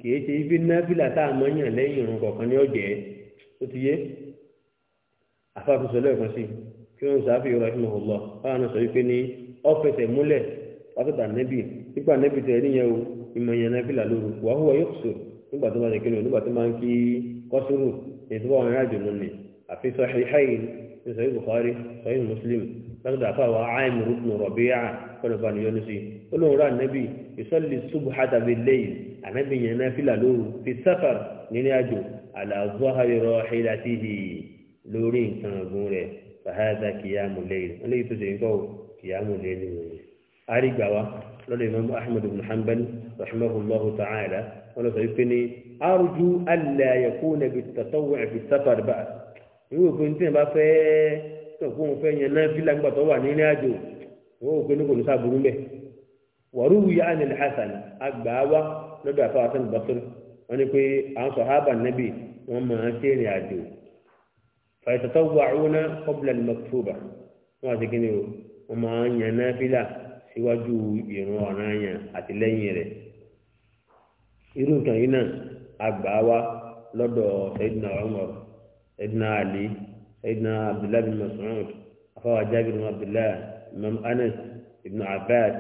kìí ṣe ibi taa tá a mọ̀ yàn lẹ́yìn irun kọ̀ọ̀kan ní ọ̀jẹ́ ó ti yé àfàkùsọ lẹ́ẹ̀kan sí kí wọ́n sọ àfihàn rahman allah báwọn sọ wípé ní ọ̀fẹsẹ̀ múlẹ̀ nẹ́bì nígbà nẹ́bì tẹ̀ o ìmọ̀ yàn náfìlà lóru wàhùwà yóò sọ nígbà tó máa ń kí kọ́sùrù ètò àwọn ará àjùmọ̀ àfi sọ sọyìn buhari sọyìn muslim lọ́dọ̀ àfàwà àìmù rúkùn rọ̀bíyà kọ́nà bá nìyọ́nù sí olóhùn rà nẹ́bí ìsọ́lì ṣubú hàtàbí lẹ́yìn ànábì yẹn náà fìlà lóru fi sáfà nínú àjò àlàzọ́ àyọrọ ìlà tìhì lórí nǹkan ọ̀gbìn rẹ̀ fàhádà kìyàmù lẹ́yìn olóyìn tó ṣe ń kọ́ kìyàmù lẹ́yìn rẹ̀. àrígbà wa lọ́dọ̀ ìmọ̀ ahmed ibn hanbal rahimahullahu ta'ala wọn lọ sọ ìwé òfin tí yẹn bá fẹ́ tó fún òun fẹ́ yẹn náà fílà nígbà tó wà nílé àjò ìwé òfin kò ní na mbẹ wàrú wuyi anil hasan àgbà wa lọ́dọ̀ àfọwọ́ hasan basir wọn ni pé àwọn sọ̀hábà na wọn máa ṣe ìrìn àjò fàìsàtọ̀ wà wọn àti o wọn yàn náà fílà síwájú ìrún yẹn àti lẹ́yìn irú nǹkan yìí náà àgbà wa ṣẹ́yìn náà سيدنا علي سيدنا عبد الله بن مسعود أخوه جابر بن عبد الله إمام أنس ابن عباس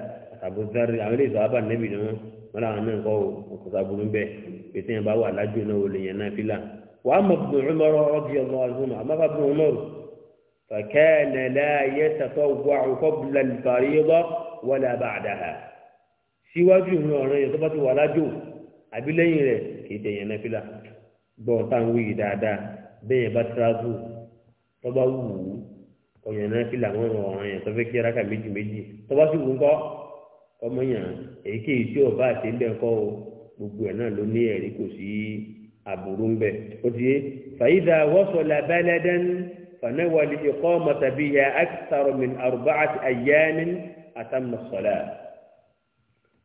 أبو ذر عملي صحابة النبي نعم ولا عنا قو وكتابوا من به بيتين باوا لاجونا ولينا فيلا وأما ابن عمر رضي الله عنهما أما ابن عمر فكان لا يتطوع قبل الفريضة ولا بعدها síwájú ìhun ọ̀ràn yẹn tó bá ti wà lájò àbí lẹ́yìn rẹ̀ kì í tẹ̀yẹ̀ náà fílà gbọ́ bẹ́ẹ̀ bá tíráàbù tọ́ba wù ú ọ̀yàn náà fi làwọn ọ̀rọ̀ ọ̀ràn yẹn tọ́fẹ́ kí aráka méjì méjì tọ́ba sì wù ú kọ́ ọmọ yàn èyíkéyìí tí ọba àti ń kọ́ o gbogbo ẹ̀ náà ló ní ẹ̀rí kò sí àbúrú ń bẹ̀ ó ti yé fàyídà wọ́sọ̀lá bẹ́lẹ́dẹ́n fanẹ́wàlì ìkọ́ mọ̀tàbí ya akitárọ̀mìn àrùbá àti àyẹ́nin àtàmùsọ̀lá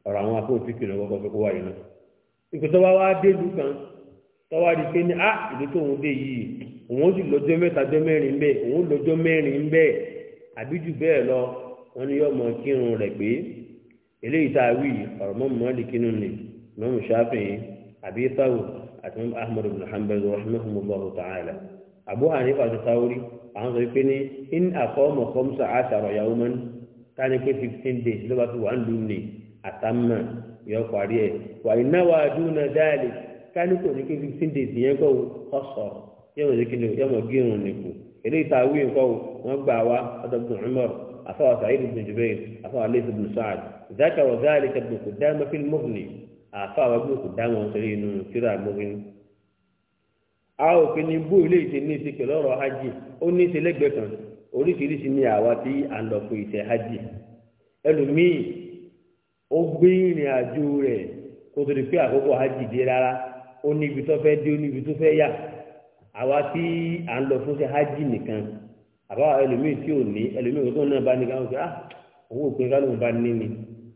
ọ̀rọ̀ àwọn afọ́ òtítù náà kọ́kọ́ fi kó wáyé náà ìpè tọ́wá di pé ní a ah, ìlú tó ń dé yìí òun ó sì lọ́jọ́ mẹ́ta jọ́ mẹ́rin bẹ́ẹ̀ òun lọ́jọ́ mẹ́rin bẹ́ẹ̀ àbí jù bẹ́ẹ̀ lọ wọ́n ní yọmọ kírun rẹ̀ pé eléyìí tá a wí ọ̀rọ̀ mọ́ mọ́lì kínú ni mọ́mú ṣáfìn àbí sáwù àti mọ́mú ahmed bin hanbal rahmanahu ta'ala abu hanifa ti sáwúrí àwọn sọ pé ní in àkọ́mọ̀ kọ́mùsà àṣàrọ̀ yahoo mọ́ni ká pé fifteen days ló bá fi wà ń lù ní àtàmà yọ parí ẹ̀ wà iná wàá dúnà dáàlì kálukú ní pé fifteen days yẹn kọ́ ọ̀sọ̀ yẹ́wọ̀n ní kíni yẹ́wọ̀n gírun nìkú eléyìí tá a wí nǹkan o gbà wá ọ̀dọ̀gbọ̀n ọmọrù afọwọ́ sàyẹ́dì bùn jùbẹ́yìn afọwọ́ alẹ́sì bùn zaka a ò fi ní ní ìṣe ọ̀rọ̀ hajj ó ní ìṣe lẹ́gbẹ̀ẹ́ kan oríṣiríṣi ní àwa tí a lọ fún ìṣe hajj ẹlòmíì ó gbé ìrìn ó ní ibi tó fẹ́ dé ó ní ibi tó fẹ́ yà àwa tí à ń lọ fún ṣe hajj nìkan àbáwá ẹlòmíì tí ò ní ẹlòmíì tó náà bá ní káwọn fi ah òun ò pé ká lóun bá ní ni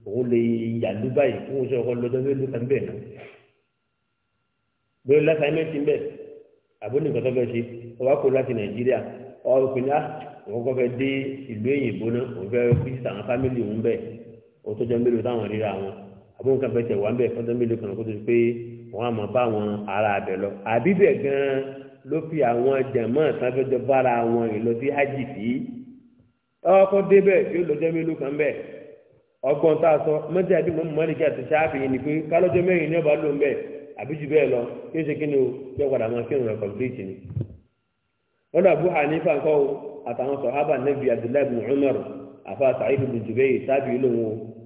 òun lè yà lú báyìí fún oṣù ọkọ lọ́jọ́ tó lù kàn bẹ́ẹ̀ náà bẹ́ẹ̀ lásàmẹ́ntì bẹ́ẹ̀ àbónì nǹkan tó fẹ́ ṣe ọwá kó láti nàìjíríà ọ̀rọ̀ pé ní ah òun kọ́ fẹ́ dé ìlú èyìnbó náà òun fẹ́ fi sàwọn fámìlì òun bẹ́ẹ̀ òun tó jẹ́ mélòó táwọn ríra wọn àbúrò kan bẹ́ẹ̀ tẹ̀ wá ń bẹ̀ fọ́dọ̀ mélòó kan kó tó ti pé wọ́n á mọ̀ bá àwọn ará abẹ lọ àbí bẹ́ẹ̀ gan ló fi àwọn jẹ̀mọ́ ìsanfẹ́jọ bára àwọn ìlọ sí hajj sí ọkọ̀ débẹ̀ yóò lọ́jọ́ mélòó kan bẹ́ẹ̀ ọgbọ́n tá a sọ mọ́tí àbí mọ́lìkì àti sáàfì yìí ni pé kálọ́jọ́ mẹ́rin ní ọba ló ń bẹ̀ àbí jù bẹ́ẹ̀ lọ kí ó ṣe kí ni o yọ padà máa kírun ni. lọ́dọ̀ àbú hanifa ńkọ́ o àtàwọn sọ̀hábà nẹ́bí abdullahi bin umar àfa sàyid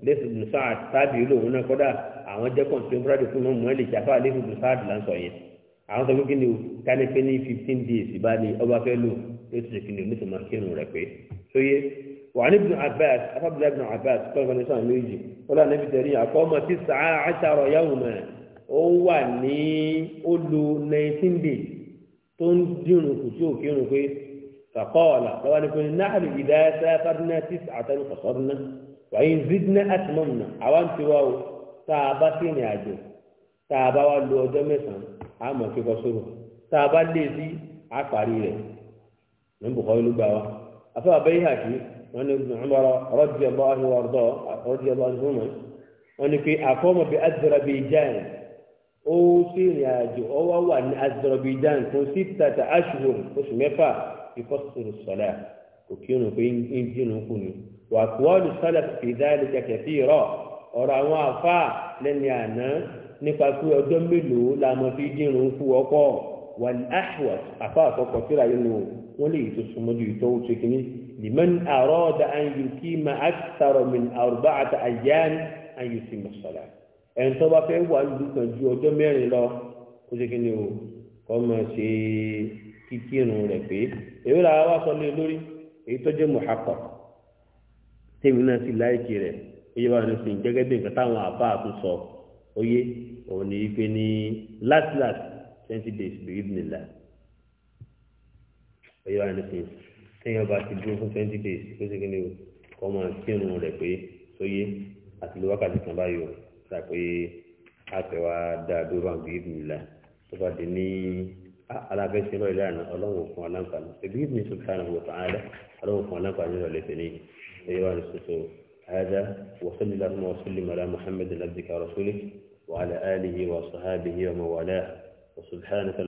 lẹ́sù bùn sáà tábìlì lòun náà kọ́dà àwọn jẹ́ contemporary fún mọ́ mọ́ẹ́lì jàfà lẹ́sù bùn sáà yẹn àwọn sọ pé kí ni o pé ní fifteen days bá ní ọba fẹ́ lò lẹ́sù kí ni o nítorí máa kírun rẹ̀ pé sóye wà ní ibùn abbas afábìlẹ̀ ibùn kọ́ńtàn sáà méjì wọ́n níbi tẹ̀lé àkọ́mọ̀ tí sàá àṣàrọ̀ wàyí zidna atmọ́nà àwa ń tiwa o tá a bá sí ìrìn àjò tá a bá wá lo ọjọ́ mẹ́sàn-án á mọ̀ kíkọ́ sórò tá a bá lé sí á parí rẹ̀ ní bùkọ́ ìlú gbà wá afẹ́ àbẹ́yí hàkí wọn ni ọmọrọ rọ́jì ọba ahìwọ̀rọ̀dọ́ rọ́jì ọba ahìwọ̀mọ̀ wọn ni pé àfọ́mọ̀ bí azọ̀rọ̀bìjàn ó sí ìrìn àjò ó wá wà ní azọ̀rọ̀bìjàn fún sítàtà aṣùwòn oṣù mẹ́fà kíkọ́ sórò sọ̀lá kò kírun pé ń jìnnà kù ni wàtúwọ́lù sọ́lẹ̀ fìdálì kẹ̀kẹ́fì rọ̀ ọ̀rọ̀ àwọn àfa lẹ́ni àná nípa pé ọjọ́ mélòó la mọ̀ fi dírun fún ọkọ̀ wà ní ashworth àfa àtọkọ̀ síra inú wọn lè tó súnmọ́jú ìtọ́wò tó kìíní lìmọ́n àrọ́ọ̀dà àyù kí ma àtàrọ̀ mi àrùbá àti àyàn àyù sí mọ̀sálà ẹ̀ń tó bá fẹ́ wà lù kàn ju ọjọ́ mẹ́rin lọ kó tó kìíní o kọ́ mọ̀ ṣe kíkírun rẹ̀ pé èrò làwọn wá sọ lé lórí èyí tó jẹ́ mọ̀hàkọ̀ọ́ tèmi náà sì láìkì rẹ̀ oyè bá wọn sì gẹ́gẹ́ bí nǹkan táwọn àbá àtún sọ oyè òun ní ife ní last last twenty days bíi nìlá oyè bá wọn sì téèyàn bá ti dúró fún twenty days ó sì kíni o kọ́ máa kírun rẹ̀ pé sóyè àti lè wákàtí kan báyìí o rà pé àtẹ̀wá dáa dúró bá bíi nìlá tó bá di ní alábẹ́sẹ̀ lọ́ọ̀lẹ́ àná ọlọ́run fún aláǹfààní ṣèbí ìbùnú sùkúrà ọlọ́run fún aláǹfààní lọ́ọ̀lẹ́ tẹ̀lé إيران السفور هذا وصل اللهم وسلم على محمد عبدك ورسولك وعلى آله وصحابه ومن والاه وسبحانك